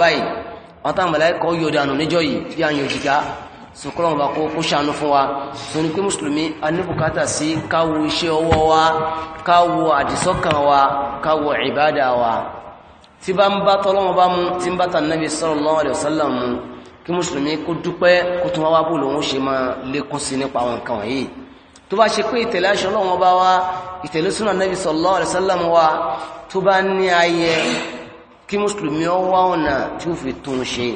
sùkúrọ̀ ọba kó kó ṣàánú fún wa tó ní pé mùsùlùmí a ní bùkátà sí káwo iṣẹ́ ọwọ́ wa káwo àdìsọ́kàn wa káwo ìbádà wa tí bá ń bá tọ́lọ́wọ́ bá mú tí ń bá tà nábi sallallahu alaihi wasallam mú kí mùsùlùmí kó dúpẹ́ kó tún wá bó lòun ṣe máa lékún sí nípa àwọn nǹkan wọ̀nyí sallallahu alaihi wasallam wa tó bá ní ayẹ kí mùsùlùmí ọwọ́ ọ̀nà tí ó fi tún ṣe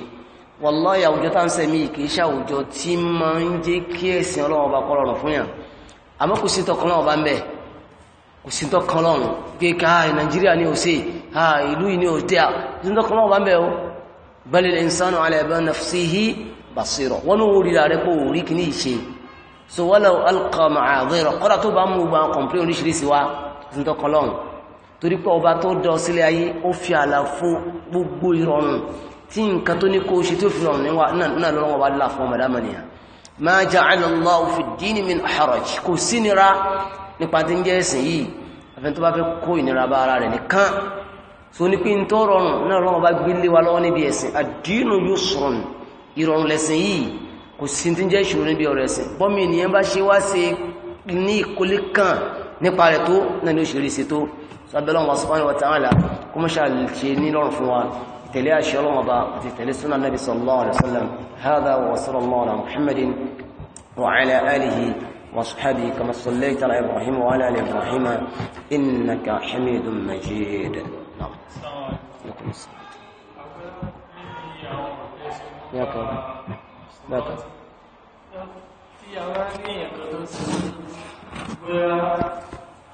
wallahi àwùjọ tá ń sẹmí kì í ṣàwùjọ tí máa ń jẹ́ kí ẹ̀sìn ọlọ́run ọba kọ́ rọrùn fún yàn àmọ́ kò sí tọkàn náà ọba ń bẹ̀ kò sí tọkàn lọ́run pé ká ah, nàìjíríà ní òsè ah, ìlú yìí ní òtẹ́ à kò sí tọkàn náà ọba ń bẹ̀ o balil insanu ala nafsihi basira wọn ní orí rẹ pé òórí kì ní ó fi tí nǹkan tó ní kó ṣe tí ó fi rọrùn náà lọ́wọ́ wà láà fún ọmọdá mọ́nìyàn ma ja'ala Allahu fi dini min haraj kò sí nira nípa tí ń jẹ́ ẹ̀sìn yìí afẹ́n tó bá fẹ́ kó ìnira bá ara rẹ̀ nìkan so ní pé ń tó rọrùn náà lọ́wọ́ bá gbé lé wa lọ́wọ́ níbi ẹ̀sìn ad-dinu yusrun ìrọ̀rùn lẹ̀sìn yìí kò sí tí ń jẹ́ ìṣòro níbi ọ̀rọ̀ ẹ̀sìn bọ́mí ènìyàn bá ṣe wá ṣe ní ìkólé kan nípa rẹ̀ tó náà ni ó ṣe rí ṣe tó sábẹ́lọ́wọ́ subhanahu wa ta'ala kó mọ́ ṣàlè ṣe ní lọ́rùn fún wa تلاشي رمضان تلسنا النبي صلى الله عليه وسلم هذا وصلى الله على محمد وعلى آله وأصحابه كما صليت على إبراهيم وعلى آل إبراهيم إنك حميد مجيد نعم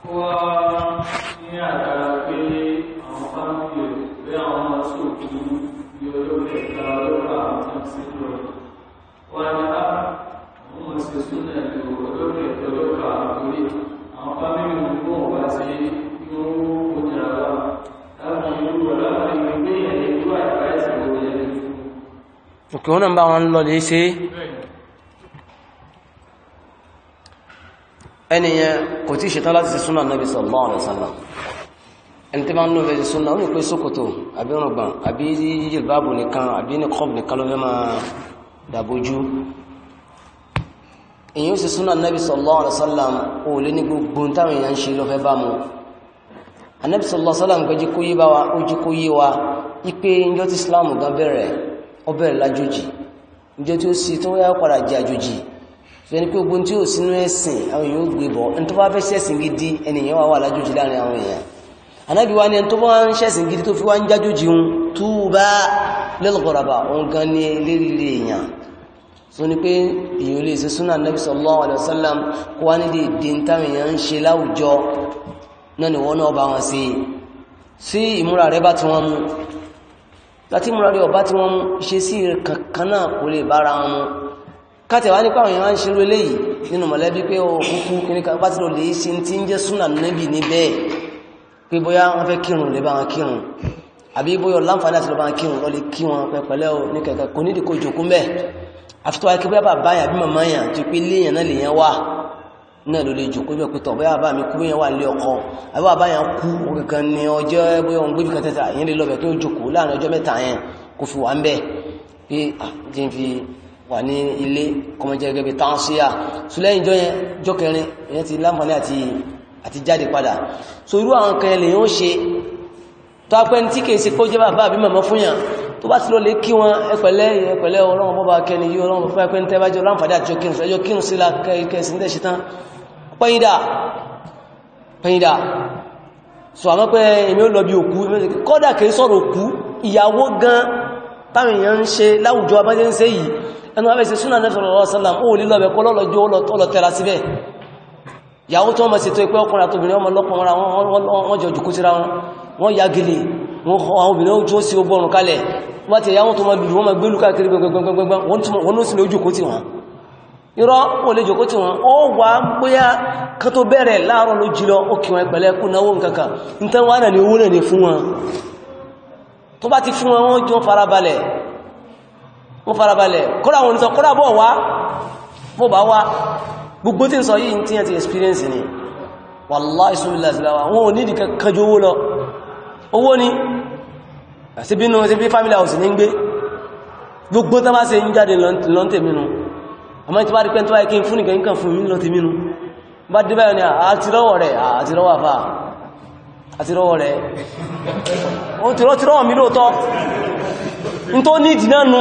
ó wá ní àgbàrá pé àwọn bá ń fi pé àwọn máa tó kú ní olóògbé ìta olóògbé àwọn tó ń sí lọ wá ní á àwọn mọ̀ sí súnà ìlú olóògbé ìta olóògbé àwọn tó lè àwọn bá mímú mú ọ̀wá sí wọn lọ lè ṣe ẹniyàn kò tí ṣetán láti ṣe súnà nàbí sallallahu alaihi wasallam ẹni tí máa ń lọ́fẹ́ súnà ó ní pé sókòtò àbí ọ̀rọ̀gbọ̀n àbí jìlbáàbù nìkan àbí ní kọ́ọ̀bù nìkan ló fẹ́ máa dàbójú èyí ó ṣe súnà nàbí sallallahu alaihi wa so ẹni pé ogun tí ó sínú ẹ̀sìn àwọn èèyàn ó gbé bọ̀ ẹni tó bá fẹ́ ṣẹ̀sìn gidi ènìyàn wà wà lájòjì láàrin àwọn èèyàn anábì wa ni ẹni tó bá ń ṣẹ̀sìn gidi tó fi wá ń jájòjì ń túbá lẹ́lọ́gọ́rọ̀bà òun gan ni léríire èèyàn so ni pé èèyàn lè ṣe súnà anábì sallallahu alaihi wasallam kó wá ní dèdè táwọn èèyàn ń ṣe láwùjọ náà ni wọ́n náà bá wọn sí láti ìmúra rẹ ọba ti wọn ṣe sí kankan náà kò lè bára wọn káti wá ní pàwọn èèyàn ń ṣerú eléyìí nínú mọ̀lẹ́bí pé o kúkú kìníkà bá ti lò lè ṣe tí ń jẹ́ súnà níbi ní bẹ́ẹ̀ pé bóyá wọ́n fẹ́ kírun lè bá wọn kírun àbí bóyá láǹfààní àti lọ bá wọn kírun lọ lè kí wọn pẹ̀pẹ̀lẹ́ o ní kẹ̀kẹ́ kò nídìí kò jòkó mẹ́ àfi tó wáyé pé bàbá yàn àbí màmá yàn tó pé léèyàn náà náà ló lè jòkó bẹ́ẹ̀ pé tọ̀ bóyá mi kú yẹn wà lé ọkọ àbí bàbá kú kankan ní ọjọ́ bóyá òun gbébì kan tẹ́ta ìyẹn lè lọ bẹ̀ kí jòkó láàrin ọjọ́ mẹ́ta yẹn kò fi wà ń bẹ̀ pé à fi wà ní ilé kọmọjẹ́ gẹ́gẹ́ bí tánṣíà so lẹ́yìn jọ yẹn jọ kẹrin ìyẹn ti lámfàní àti àti jáde padà so irú àwọn kẹrin lè yóò ṣe tó apẹ́ ní tí kèé ṣe kó jẹ́ bàbá àbí màmá fún yàn tó bá ti lọ lè kí wọn ẹpẹ̀lẹ́ ẹpẹ̀lẹ́ ọlọ́run bọ́bá kẹni yí ọlọ́run fún la kẹsì ń tẹ́ṣe ẹnu abẹ́ ìṣẹ́ súnà nẹ́fẹ̀ẹ́ lọ́wọ́ sálàm ó lè lọ́bẹ̀ kọ́ lọ́lọ́jọ́ ọlọ́tẹ́ra síbẹ̀ yàwó tó mọ̀ sí tó ipẹ́ ọkùnrin àtòbìnrin ọmọ lọ́pọ̀ wọn jọ jùkú síra wọn wọ́n ya gìlì àwọn obìnrin ó jó sí ogbọ̀rùn kalẹ̀ wọ́n ti yàwó tó mọ̀ lùlù wọ́n mọ̀ gbélú káàkiri gbẹgbẹgbẹgbẹ wọ́n sì lè jùkú tí wọ́n irọ́ ó lè jùkú tí wọ́n ó wà bóyá kan tó bẹ̀rẹ̀ láàárọ̀ ló jìlọ ó kí wọn pẹ̀lẹ́ kú náwó nkankan nǹkan wà náà ni owó náà ni fún wọn tó bá ti fún wọn jọ farabalẹ̀ Mo farabalẹ̀ kọ́lá wọn sọ kọ́lá bọ́ wá mọ́ bá wá gbogbo tí ń sọ yìí tí yẹn ti experience ni wallahi ìsúnlẹ̀ ìsìláwà wọn ò nídìí kankanjú owó lọ owó ni àti bínú sí bí family house ní gbé gbogbo tó bá ṣe ń jáde lọ́ntẹ̀ mínú àmọ́ tí bá rí pẹ́ntọ́ ikẹ́ fún nìkan nǹkan fún mínú lọ́ntẹ̀ mínú bá dé báyọ̀ ni àtirọ́wọ̀ rẹ̀ àtirọ́wọ̀ àfà àtirọ́wọ̀ rẹ̀ ó tó ní ìdínà nù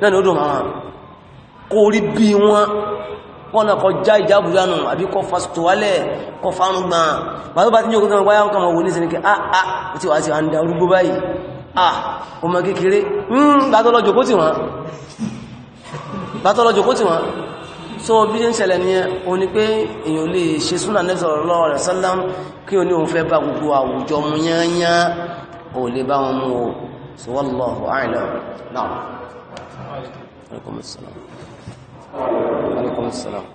náà ni ó dùn máa kó rí bí wọn wọ́n náà kọ já ìjábùjánù àbí kọ fásitòwálẹ̀ kọ fárúgbà bàbá bá ti ní òkúta wáyá ọkọ̀ wòlé sí ní kí àà tí wà sí à ń da orúgbó báyìí à ah, ọmọ kékeré hmm, gbátọ́lọ́jòkó tí wọ́n so bí ṣe ń ṣẹlẹ̀ ní o ní pé èyàn lè ṣe súnà nẹ́sọ̀rọ̀lọ́ rẹ̀ o ní òun fẹ́ bá gbogbo àwùjọ mú yányá ò lè bá wọn mú o so wallahu a'lam náà عليكم السلام عليكم السلام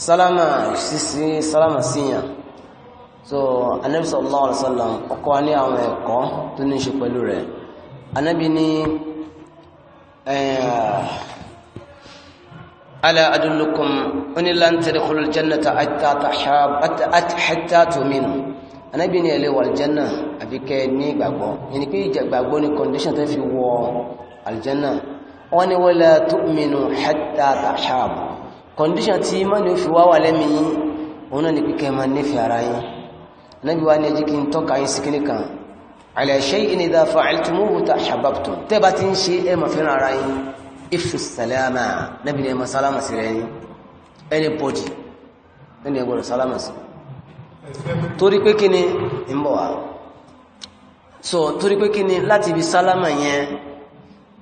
salama sisi salama siyan so anabi sallallahu alaihi wasallam ọkọ wa ní àwọn ẹ̀kọ́ tó ní í ṣe pẹ̀lú rẹ̀ anabi ní eh, ala adullukum oni lan tadkhulul jannata hatta tahab hatta tu'minu anabi ní ẹlẹ wà aljanna àbí kẹ ní ìgbàgbọ́ yẹni pé ìgbàgbọ́ ni condition tó fi wọ aljanna wọn ni wala tu'minu hatta tahab condition tí mọ́ni fi wá wà lẹ́mìí òun náà ni pé kẹ́ nífẹ̀ẹ́ ara yín nabi wa ní ẹjí kí n tọ́ka yín sí kíní kan ala shay'in idha fa'altumuhu tahabbtum tẹ́ bá ti ń ṣe ẹ mà fẹ́ràn ara yín ifu salama nabi ní ẹ mà sálámà sí rẹ̀ yín ẹni bọ́dì ẹni ẹ gbọ́dọ̀ sálámà sí torí pé kí ni ń bọ̀ wá so torí pé kí ni láti ibi sálámà yẹn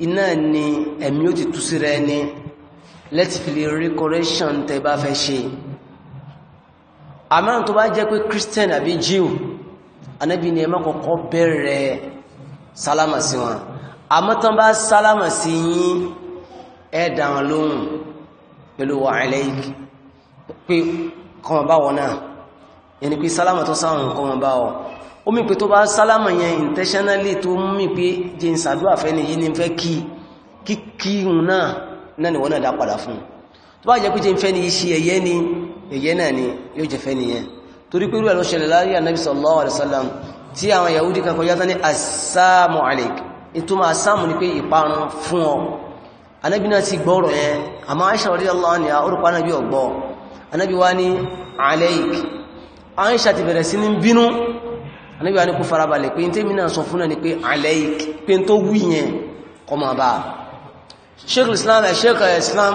iná ni ẹ̀mí ó ti tú sí rẹ̀ ni let's feel recorrection bá fẹ́ ṣe àmọ́ tó bá jẹ́ pé christian àbí jew anábì ni ẹ má kọ́kọ́ bẹ̀rẹ̀ sálámà sí wọn àmọ́ tán bá sálámà sí yín ẹ dá wọn lóhùn pẹ̀lú wa alayk pé kọmọ bá wọn náà yẹni pé sálámà tó sáwọn kọmọ bá wọn ó mì pé tó bá sálámà yẹn intentionally tó mì pé jẹ́ ìsàdúrà fẹ́ ni yìí ni fẹ́ kí kí kí náà náà ni wọ́n náà dá fún tó bá jẹ́ pé jẹ́ ìfẹ́ ni iṣẹ́ ẹ̀yẹ́ ni èyẹ náà ni yóò jẹfẹ́ nìyẹn torí pé rúwẹ̀ ló ṣẹlẹ̀ láàrin ànábì sallallahu alaihi wasallam tí àwọn yahudi kan kọjá tán ní assalamu alaik ìtumọ̀ assalamu ni pé ìparun fún ọ anábì náà ti gbọ́rọ̀ yẹn àmọ́ aisha radiyallahu anha orúkọ anábì ọgbọ́ anábì wá ní alaik aisha ti bẹ̀rẹ̀ sí ní bínú anábì wá ní sheikh islam sheikh islam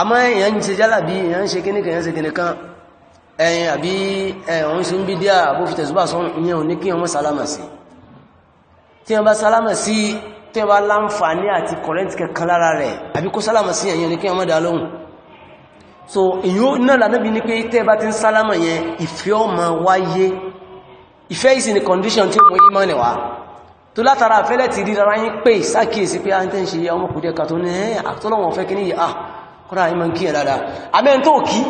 àmọ́ èyàn ń ṣe jálà bí èyàn ń ṣe kíní kan èyàn ṣe kíní kan ẹ̀yìn àbí ẹ̀hùn ṣe ń bí díà bó fi tẹ̀sùbà sọ́run ìyẹn ò ní kí wọ́n sálámà sí tí wọ́n bá sálámà sí tí wọ́n bá láǹfààní àti kọ̀rẹ́ntì kankan lára rẹ̀ àbí kó sálámà sí ẹ̀yìn ò kí wọ́n dá so ìyó náà lànàbí ní pé tẹ́ bá ti ń sálámà yẹn ni condition tí ó mú ìmọ̀ nìwá tó látara àfẹ́lẹ̀ ti rí rárá yín pé sákìyèsí pé a ń tẹ́ ń ṣe ọmọkùnrin ẹ̀ka tó ní àtọ́lọ́wọ̀n fẹ́ kí ní yìí ah kọ́nà ìmọ̀ kí ẹ̀ dáadáa abẹ́ tó kí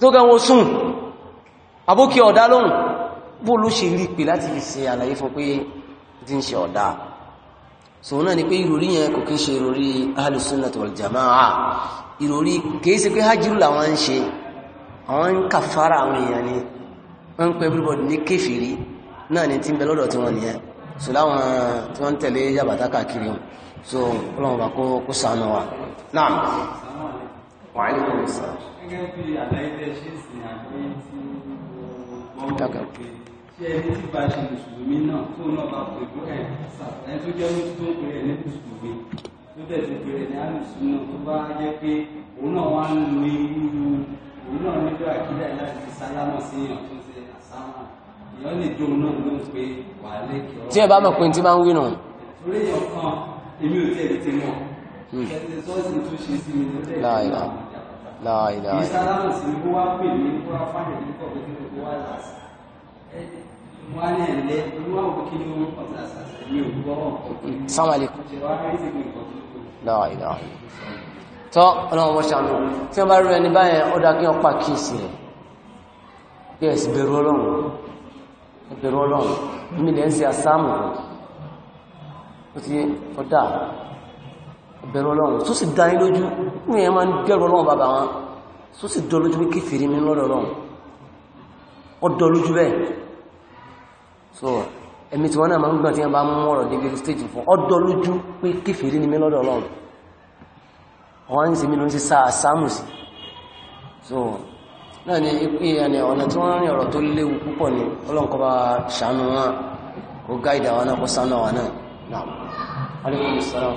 tó gẹwọ́ sùn àbókí ọ̀dá lóhun bó ló ṣe rí pé láti fi ṣe àlàyé fún pé tí ń ṣe ọ̀dá so náà ni pé ìròrí yẹn kò kí ṣe ìròrí ahlus jama'a ìròrí kìí ṣe pé hajjiru làwọn ń ṣe àwọn ń kàfàrà àwọn èèyàn ni wọ́n ń pẹ́ everybody ní kéfìrí náà ni tí ń bẹ lọ́dọ̀ tí wọ́n nìyẹn tẹ̀lé yàbàtà káàkiri wọn so ọlọ́run bá kó kó sànù wa náà wà ní kò sà. gẹ́gẹ́ bí àlàyé tẹ́ ṣe sí àgbẹ̀ tí wọ́n mọ̀ pé ṣé ẹni tí bá ṣe mùsùlùmí náà tó náà bá pè fún ẹ̀ sà ẹni tó jẹ́ mú tó ń pè ẹ̀ ní mùsùlùmí tó tẹ̀ sí pé ẹ̀ ní àlùsùn náà tó bá jẹ́ pé òun náà wá ń lo irú òun náà nílò àkídà láti fi sálámà sí èèyàn tó ṣe àsámà èèyàn lè jó òun náà ló ń pe wàhálẹ́ kí ọ. tí ẹ bá mọ̀ pé ní ti máa ń wí nù. torí èèyàn kan èmi ò tẹ̀lé hmm. ti mọ̀ kẹsì sọ́ọ̀sì tún ṣe sí mi lọ́tẹ̀ láìlá láìlá ìsálámù sí kó wá pè mí kó wá fáyẹ̀ ní kọ̀ pé kó wá lásì wá ní ẹ̀lẹ́ olúwa òkú kí ni wọ́n kọ̀ lásì mi ò gbọ́ ọ̀kọ̀ sáwálé láìlá tọ́ ọlọ́run wọ́n ṣàánú tí wọ́n bá rí ẹni báyẹn ó dá kí wọ́n pa kíìsì rẹ̀ bí ẹ̀sì bẹ̀rù ọlọ́run bẹ̀rù ọlọ́run mímí lẹ́yìn sí asáàmù rẹ̀ ó ti ọ̀dá ọ̀bẹ̀rù ọlọ́run tó sì dá ní lójú ní ẹ̀ máa ń bẹ̀rù ọlọ́run bàbá wọn tó sì dọ́ lójú pé kéfèrè mi lọ́dọ̀ ọlọ́run ó dọ́ lójú bẹ́ẹ̀ so ẹ̀mí tí wọ́n náà máa ń gbọ́n tí wọ́n bá mú ọ̀rọ̀ débi stage fún ó dọ́ lójú pé kéfèrè ni mi lọ́dọ̀ ọlọ́run wọ́n ń ṣe mí lóní sí sáàmù sí so náà ni ipe ẹni ọ̀nà tí wọ́n rìn ọ̀rọ̀ tó léwu púpọ̀ نعم عليكم السلام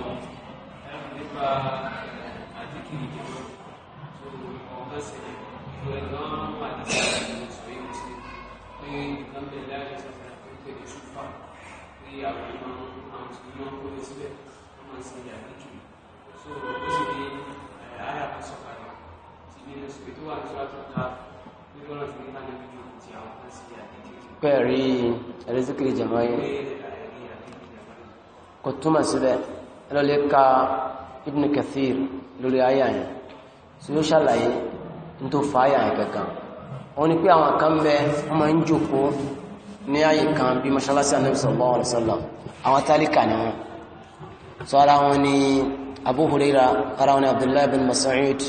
Pẹ̀rí ẹ̀rẹ́sìkiri jẹ̀mọ́ yẹn. kò túmọ̀ síbẹ̀ ẹlọ́lẹ́ ka Ibn Kathir lórí àyà yẹn tí ó ṣàlàyé ní tó fa àyà yẹn kankan wọn ni pé àwọn kan bẹ wọn máa ń jòkó ní àyè kan bí mọ́ṣáláṣí Ànábì ni Abu Huraira ara wọn ni bin Mas'ud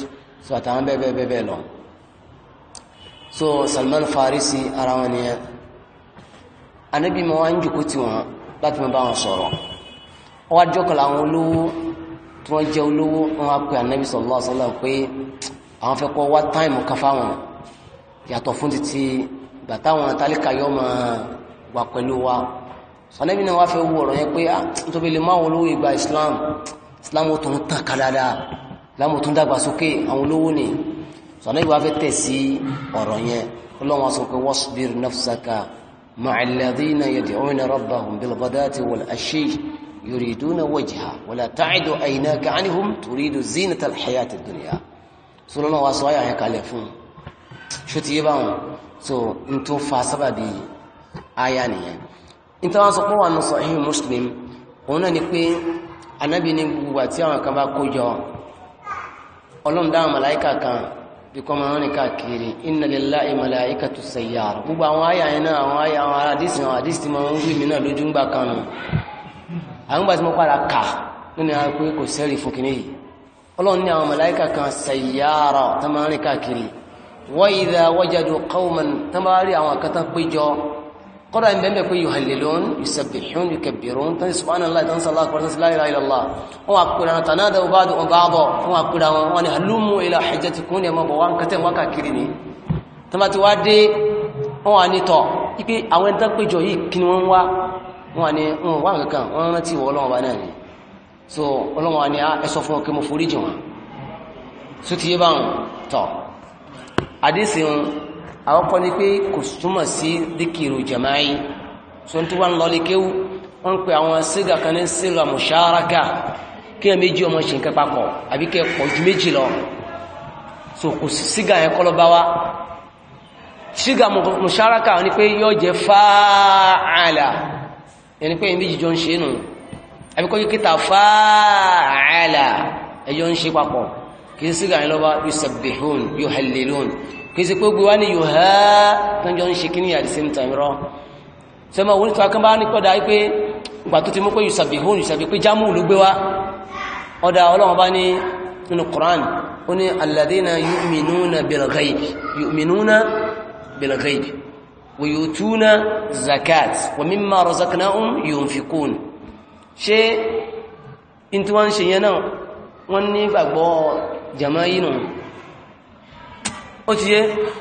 sọ àtàwọn bẹ́ẹ̀ bẹ́ẹ̀ bẹ́ẹ̀ lọ so Salman Farisi ara wọn ni yẹn Ànábì máa ń jòkó tiwọn láti máa bá wọn sọ̀rọ̀ wọ́n wá jọ́kọ̀lá àwọn olówó tí wọ́n jẹ́ olówó wọ́n wá pe ànábì sallallahu alaihi wasallam pé àwọn fẹ́ kọ́ wá táìmù kan fáwọn yàtọ̀ fún títí gbàtàwọn tálíkà yọ máa wà pẹ̀lú wa sọ̀nẹ́bí náà wá fẹ́ wú ọ̀rọ̀ yẹn pé ah, nítorí lè máa wọn olówó ìgbà islam islam ó tún tàn ká islam ó tún dàgbà sókè àwọn olówó ni sọ̀nẹ́bí wá tẹ̀ sí ọ̀rọ̀ yẹn ọlọ́wọ́n sọ pé wasbir nafsaka yuriduna wajha wala ta'idu aynaka anhum turidu zinata alhayati dunya so lọ́nà wa sọ ayà yẹn kalẹ̀ fún ṣó so n tó fa sábàbí aya nìyẹn n tó wá sọ pé wà ní Sahih Muslim òun náà ni pé anábì ní gbogbo àti àwọn kan bá kó jọ ọlọ́run dáhùn màláìkà kan ikọ̀ máa rìn káàkiri inna lillahi malaikatu sayyara gbogbo àwọn aya yẹn náà aya àwọn àdìsí àwọn àdìsí ti máa ń wí mí náà lójú ń kan àwọn gbàtí mo padà kà nínú àwọn pé kò sẹ́rì fún kìnnìyì ọlọ́run ní àwọn màláíkà kan sayyara tó máa ń rìn káàkiri wa idha wajadu qauman tó máa rí àwọn akátá péjọ kọ́dà ń bẹ́ẹ̀ pé yuhallilun yusabbihun yukabbirun tó ń subhanallah tó ń sọ aláàkọ́ tó ń sọ la ilaha illallah wọn àpèrè àwọn tanada ba'du ba'da wọn wọ́n ni hmm, wọ́n kankan wọ́n rántí wọ́n ọlọ́wọ́ bá náà ni so ọlọ́wọ́ ni a ah, ẹsọ fún ọkẹ́ mo forí jì wọ́n so ti yé bá ń tọ̀ àdísìn àwọ́pọ̀ ni pé kò túmọ̀ sí díkìrù jama'i so tí wọ́n lọ lékéwú wọ́n pe àwọn sígà kan ní sígà musharaka kí ẹ méjì ọmọ ṣe nǹkan papọ̀ àbí kẹ pọ̀ ju méjì lọ so kò sígà yẹn kọ́ bá wa sígà musharaka ni pé yóò jẹ fáàlà ẹni pé méjì jọ ń ṣe nù àbíkọ́ yìí kíta fáàlà ẹjọ́ ń ṣe papọ̀ kìí sí gàrin lọ́ba yusabbihun yuhallilun kìí sí pé gbé wá ní yuha tó ń jọ ń ṣe kí ní at the same time rọ sẹ́mọ̀ wọ́n tó akẹ́ bá ní pọ́dà pé ìgbà tó ti mú pé yusabbihun yusabbihun pé jámù ló gbé wá ọ̀dà ọlọ́run bá ní nínú Qur'an ó ní alladhina yu'minuna bil yu'minuna bil ويؤتون zakat wa mimma razaqnahum yunfiqun ṣe in tí wọ́n ń ṣe yẹn náà wọ́n ní gbàgbọ́ jama'i nù ó ti yé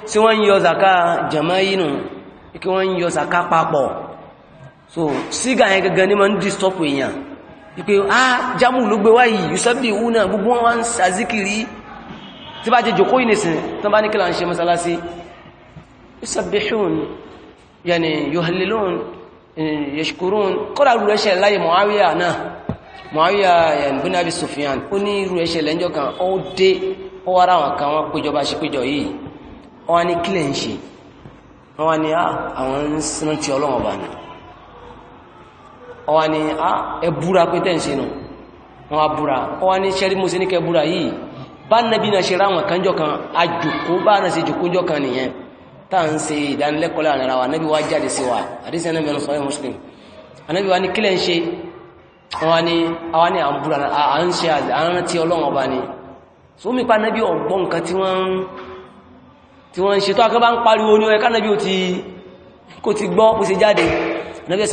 tí wọ́n ń yọ zaka jama'i nù kí wọ́n ń yọ zaka papọ̀ so sígà yẹn gẹ́gẹ́ ní ma ń distop èèyàn ah jamu ló gbé wáyìí yusufi una gbogbo wọn wá ń sàzíkiri tí bá jẹ jòkó yìí nìsín tán bá ní kí là ń ṣe mọ́sálásí yusabbihun yani yuhallilun yashkurun kódà rú ẹṣẹ́ láyé Muawiya náà Muawiya yani bin Abi Sufyan ó ní rú ẹṣẹ́ lẹ́njọ́ kan ó dé ó wá ráwọn kan wọ́n péjọ bá ṣe péjọ yìí wọ́n ní kílẹ̀ ń ṣe wọ́n ní àwọn ń sin ti ọlọ́wọ́n bá ní wọ́n ní ẹ búra pé tẹ́ ń ṣe nù wọ́n á búra wọ́n ní ṣẹ́rí mo ṣe ní kẹ́ búra yìí bá nàbí náà ṣe ráwọn kanjọ́ kan àjòkó bá náà ṣe jòkójọ́ kan nìyẹn táà ń ṣe ìdánilẹ́kọ̀ọ́ láàrin ara wa anábì wá jáde sí wa àdísẹ́ náà mẹ́rin sọ́yẹ́ muslim anábì wá ní kílẹ̀ ń ṣe àwọn ni àwọn ni àmbúra à ń ṣe àrán tí ọlọ́run ọba ni so mi pa anábì ọgbọ́n nǹkan tí wọ́n tí wọ́n ń ṣe tó akẹ́ bá ń pariwo ní ọ̀yẹ́ kánábì ó ti kó ti gbọ́ ó ṣe jáde anábì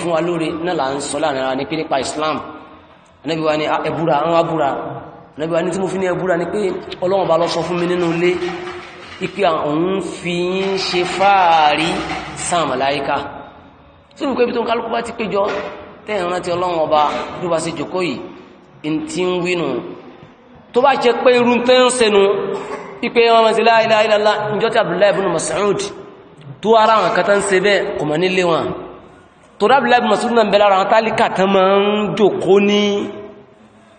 fún wa lóore náà là ń sọ ní pé Islam anábí wa ní ah, ẹbúra àwọn abúra anábí wa ní tí mo fi ní ẹbúra ní pé ọlọ́wọ̀n bá lọ sọ fún mi nínú ilé ipe àwọn fi ń ṣe fáàrí sáà màláíkà tí mo pé ibi tó ń kálukú bá ti péjọ tó bá ṣe jòkó yìí tí ń ń sẹnu ipe la ilaha illallah ìjọ tí Abdullahi ibn Mas'ud tó ara àwọn kan tó ń ṣe ní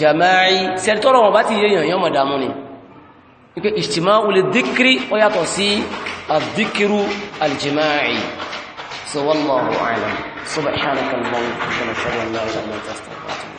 jama'i sẹ́rítọ́rọ̀ wọn bá ti yé èèyàn yọmọ̀ dàmú ni wípé ijtima'u lidhikri ó yàtọ̀ sí adh-dhikru al-jama'i so wallahu a'lam subhanaka allahumma